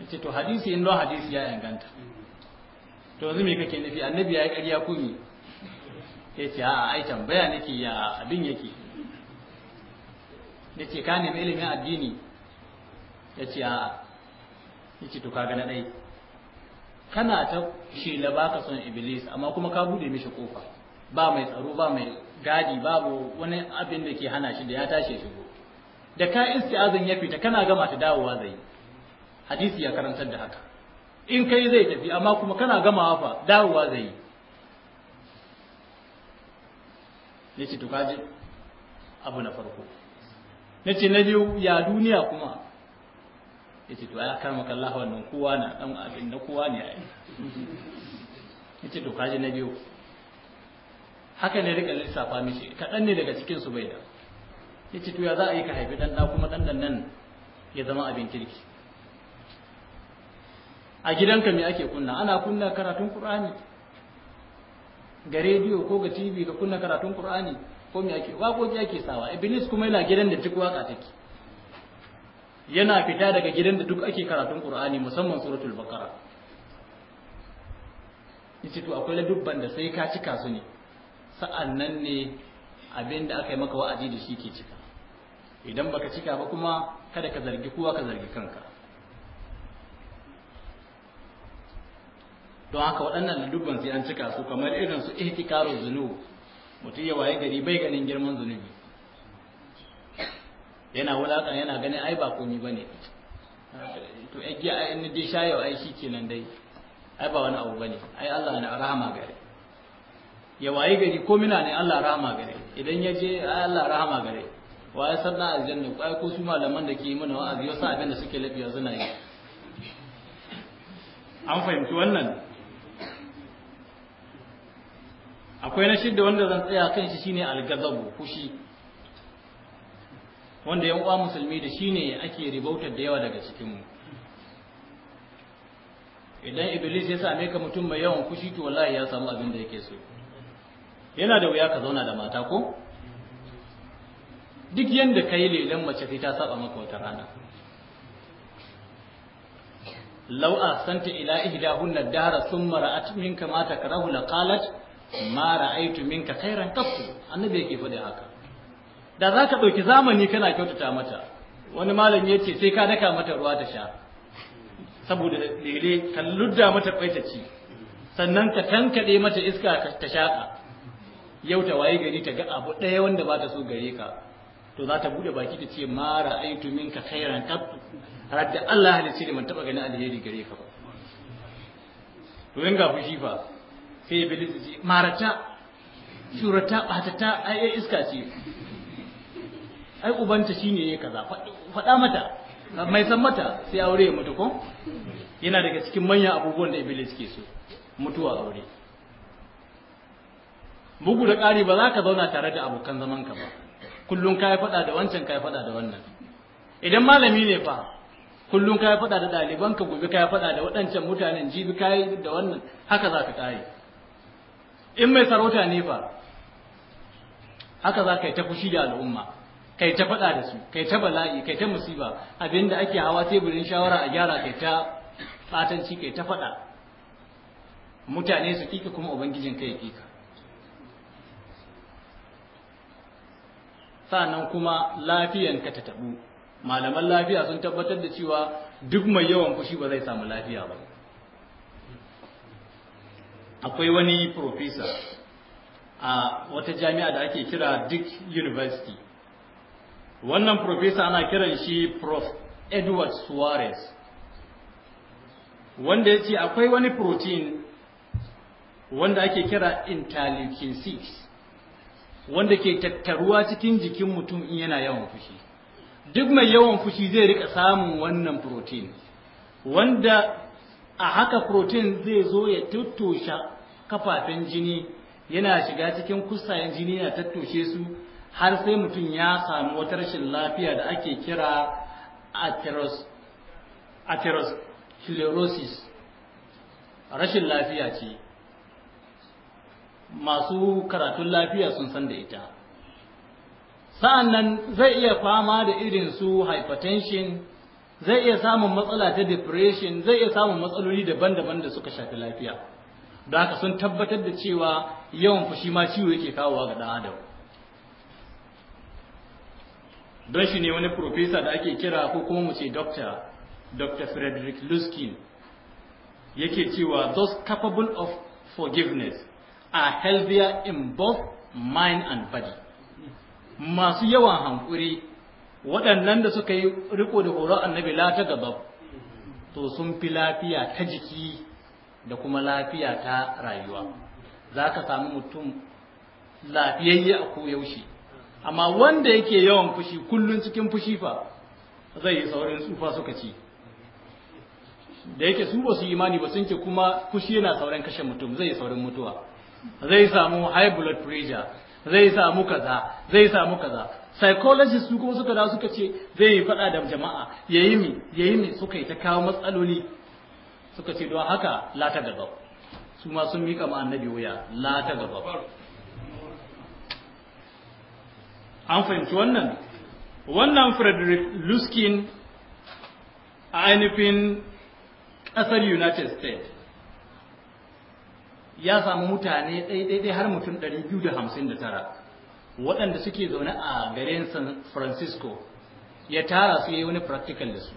A: yace to hadisi in hadisi ya inganta to yanzu me kake nufi annabi ya yi ƙarya ko me yace a'a ai tambaya nake ya abin yake yace ka nemi ilimin addini yace a'a yace to kaga na dai kana ta la baka son iblis amma kuma ka bude mishi kofa ba mai tsaro ba mai gadi babu wani abin da ke hana shi da ya tashi shigo da ka isti'azin ya fita kana gama ta dawowa zai hadisi ya karantar da haka in kai zai tafi amma kuma kana gama fa dawowa zai yi ne ce tukaji abu na farko ce na biyu ya duniya kuma ce to ya kama kallah wannan kowa na dan abin na kowa ne a yace ce tukaji na biyu haka ne rika lissafa mishi kaɗan ne daga cikin su bai da yace to ya za a yi ka haifi dan da kuma dan nan ya zama abin kirki a gidanka me ake kunna ana kunna karatun qur'ani ga rediyo ko ga tv ka kunna karatun qur'ani ko me ake waƙoƙi ake sawa iblis kuma yana gidan da duk waka take yana fita daga gidan da duk ake karatun qur'ani musamman suratul baqara yace to akwai ladubban da sai ka cika su ne sa'an nan ne abin da aka yi maka wa'azi da shi ke cika idan baka cika ba kuma kada ka zargi kowa ka zargi kanka don haka waɗannan dubban sai an cika su kamar irin su ihtikarul zunub mutum ya waye gari bai ganin girman zunubi yana wulaƙa yana ganin ai ba komi ne to ai giya ai ni dai shayo ai kenan dai ai ba wani abu ne ai Allah na rahama gare ya waye gari ko mina ne Allah rahama gare idan ya je ai Allah rahama gare waye sanna aljanna ko ai ko su malaman da ke mana wa'azi yasa abin da suke lafiya zuna yi an fahimci wannan akwai na shidda wanda zan tsaya kan shi shine algazabu fushi wanda yan uwa musulmi da shine ake ribautar da yawa daga cikin mu idan iblis ya same ka mutum mai yawan fushi to wallahi ya samu abin da yake so yana da wuya ka zauna da mata ko duk yanda kai lelen mace sai ta saba maka wata rana law santa ila ihdahunna dara thumma ra'at minka ma takrahu laqalat ma ra'aytu minka khairan qattu annabi yake faɗi haka da zaka ɗauki zamani kana kyautata mata wani ya ce sai ka daka mata ruwa ta sha saboda lele ka ludda mata kwai ci sannan ka tankade mata iska ta shaƙa yau ta waye gari ta ga abu ɗaya wanda ba ta so gare ka to za ta bude baki ta ce ma ra'aytu minka khairan qattu radda Allah halicci da man taba gani alheri gare ka ba to in ga fushi sai iblis ya ce marata shurata batata ai ai iska ce ai ubanta shine yayi kaza faɗa mata mai san mata sai aure ya mutu ko yana daga cikin manyan abubuwan da iblis ke so mutuwa aure bugu da ƙari ba za ka zauna tare da abokan zamanka ba kullum ka yi faɗa da wancan ka yi faɗa da wannan idan malami ne fa kullum ka yi faɗa da ɗaliban ka gobe ka yi faɗa da waɗancan mutanen jibi ka yi da wannan haka za ka ƙare in mai sarauta ne fa haka za ka yi ta fushi da al'umma ka yi ta faɗa da su ka yi ta bala'i ka yi ta musiba abinda ake hawa teburin shawara a gyara ka yi ta ka yi ta faɗa mutane su kika kuma ubangijin ka kai kika sannan kuma lafiyan ka ta tabu malaman lafiya sun tabbatar da cewa duk mai yawan fushi ba zai samu lafiya ba akwai wani profesa a wata jami'a da ake kira Duke University wannan profesa ana kiran shi Prof Edward Suarez wanda ya ce akwai wani protein wanda ake kira interleukin 6 wanda ke tattaruwa cikin jikin mutum in yana yawan fushi duk mai yawan fushi zai rika samun wannan protein wanda a haka protein zai zo ya tattoshe kafafen jini yana shiga cikin kusayen jini ya tattoshe su har sai mutum ya samu wata rashin lafiya da ake kira atherosclerosis rashin lafiya ce masu karatun lafiya sun san da ita sa'an nan zai iya fama da irin su hypertension zai iya samun matsala ta depression zai iya samun matsaloli daban-daban da suka shafi lafiya da haka sun tabbatar da cewa yawan fushi ma ciwo yake kawowa ga dan adam don shi ne wani profesa da ake kira ko kuma mu ce doctor dr frederick luskin yake cewa those capable of forgiveness are healthier in both mind and body masu yawan hankuri waɗannan da suka yi riko da horon annabi la ta gaba to sun fi lafiya ta jiki da kuma lafiya ta rayuwa za ka samu mutum lafiyayye a koyaushe amma wanda yake yawan fushi kullum cikin fushi fa zai yi saurin tsufa suka ci da yake su ba su imani ba sun ce kuma fushi yana saurin kashe mutum zai yi saurin mutuwa zai samu high blood pressure zai samu kaza zai samu kaza psychologist su kuma suka da suka ce zai yi faɗa da jama'a yayi mi yayi mi suka yi ta kawo matsaloli suka ce don haka la ta gaba su ma sun mika ma annabi wuya la ta gaba an fahimci wannan wannan frederick luskin a ainihin ƙasar united states ya samu mutane ɗaiɗaiɗai har mutum 259 waɗanda suke zaune a garin san francisco ya tara su yi wani practical da su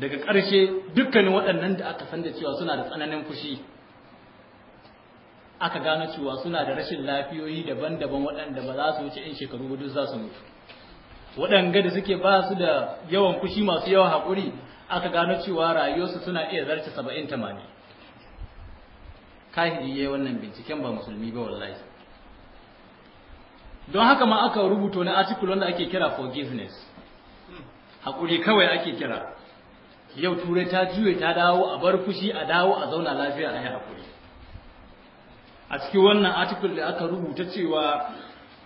A: daga ƙarshe dukkanin waɗannan da aka san da cewa suna da tsananin fushi aka gano cewa suna da rashin lafiyoyi daban-daban waɗanda ba za su wuce in shekaru hudu za su mutu waɗanga da suke ba su da yawan fushi masu yawan haƙuri aka gano cewa rayuwarsu suna iya zarce saba'in tamani kahiri ya yi wannan binciken ba musulmi ba wallahi don haka ma aka rubuta wani article wanda ake kira forgiveness hakuri kawai ake kira yau turai ta juye ta dawo a bar fushi a dawo a zauna lafiya a yi hakuri a cikin wannan article da aka rubuta cewa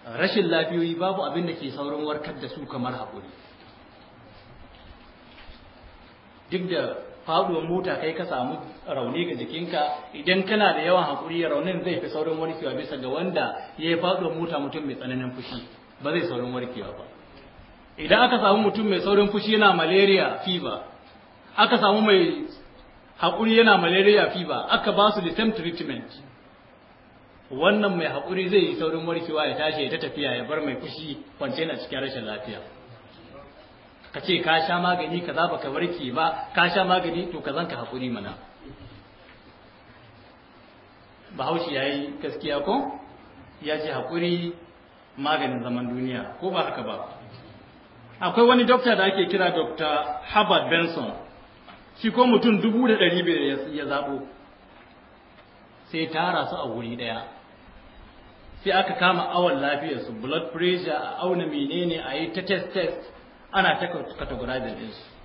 A: rashin lafiyoyi babu abin da ke saurin warkar da su kamar hakuri duk da faduwar mota kai ka samu rauni ga jikinka idan kana da yawan hakuri raunin zai fi saurin warkewa bisa ga wanda ya yi faduwar mota mutum mai tsananin fushi ba zai saurin warkewa ba idan aka samu mutum mai saurin fushi yana malaria fever aka samu mai hakuri yana malaria fever aka ba su the same treatment wannan mai hakuri zai yi saurin warkewa ya tashi ya ta tafiya ya bar mai fushi kwance na cikin rashin lafiya ka ce ka sha magani ka ba ka warke ba ka sha magani to ka zanka hakuri mana bahaushe ya yi gaskiya ko ya ce hakuri maganin zaman duniya ko ba haka ba akwai wani dokta da ake kira dr harvard benson shi ko mutum dubu da ɗari biyar ya zaɓo sai tara su a wuri ɗaya sai aka kama awon lafiyarsu blood pressure a auna menene a yi ta test test ana ta categorizing
B: ɗinsu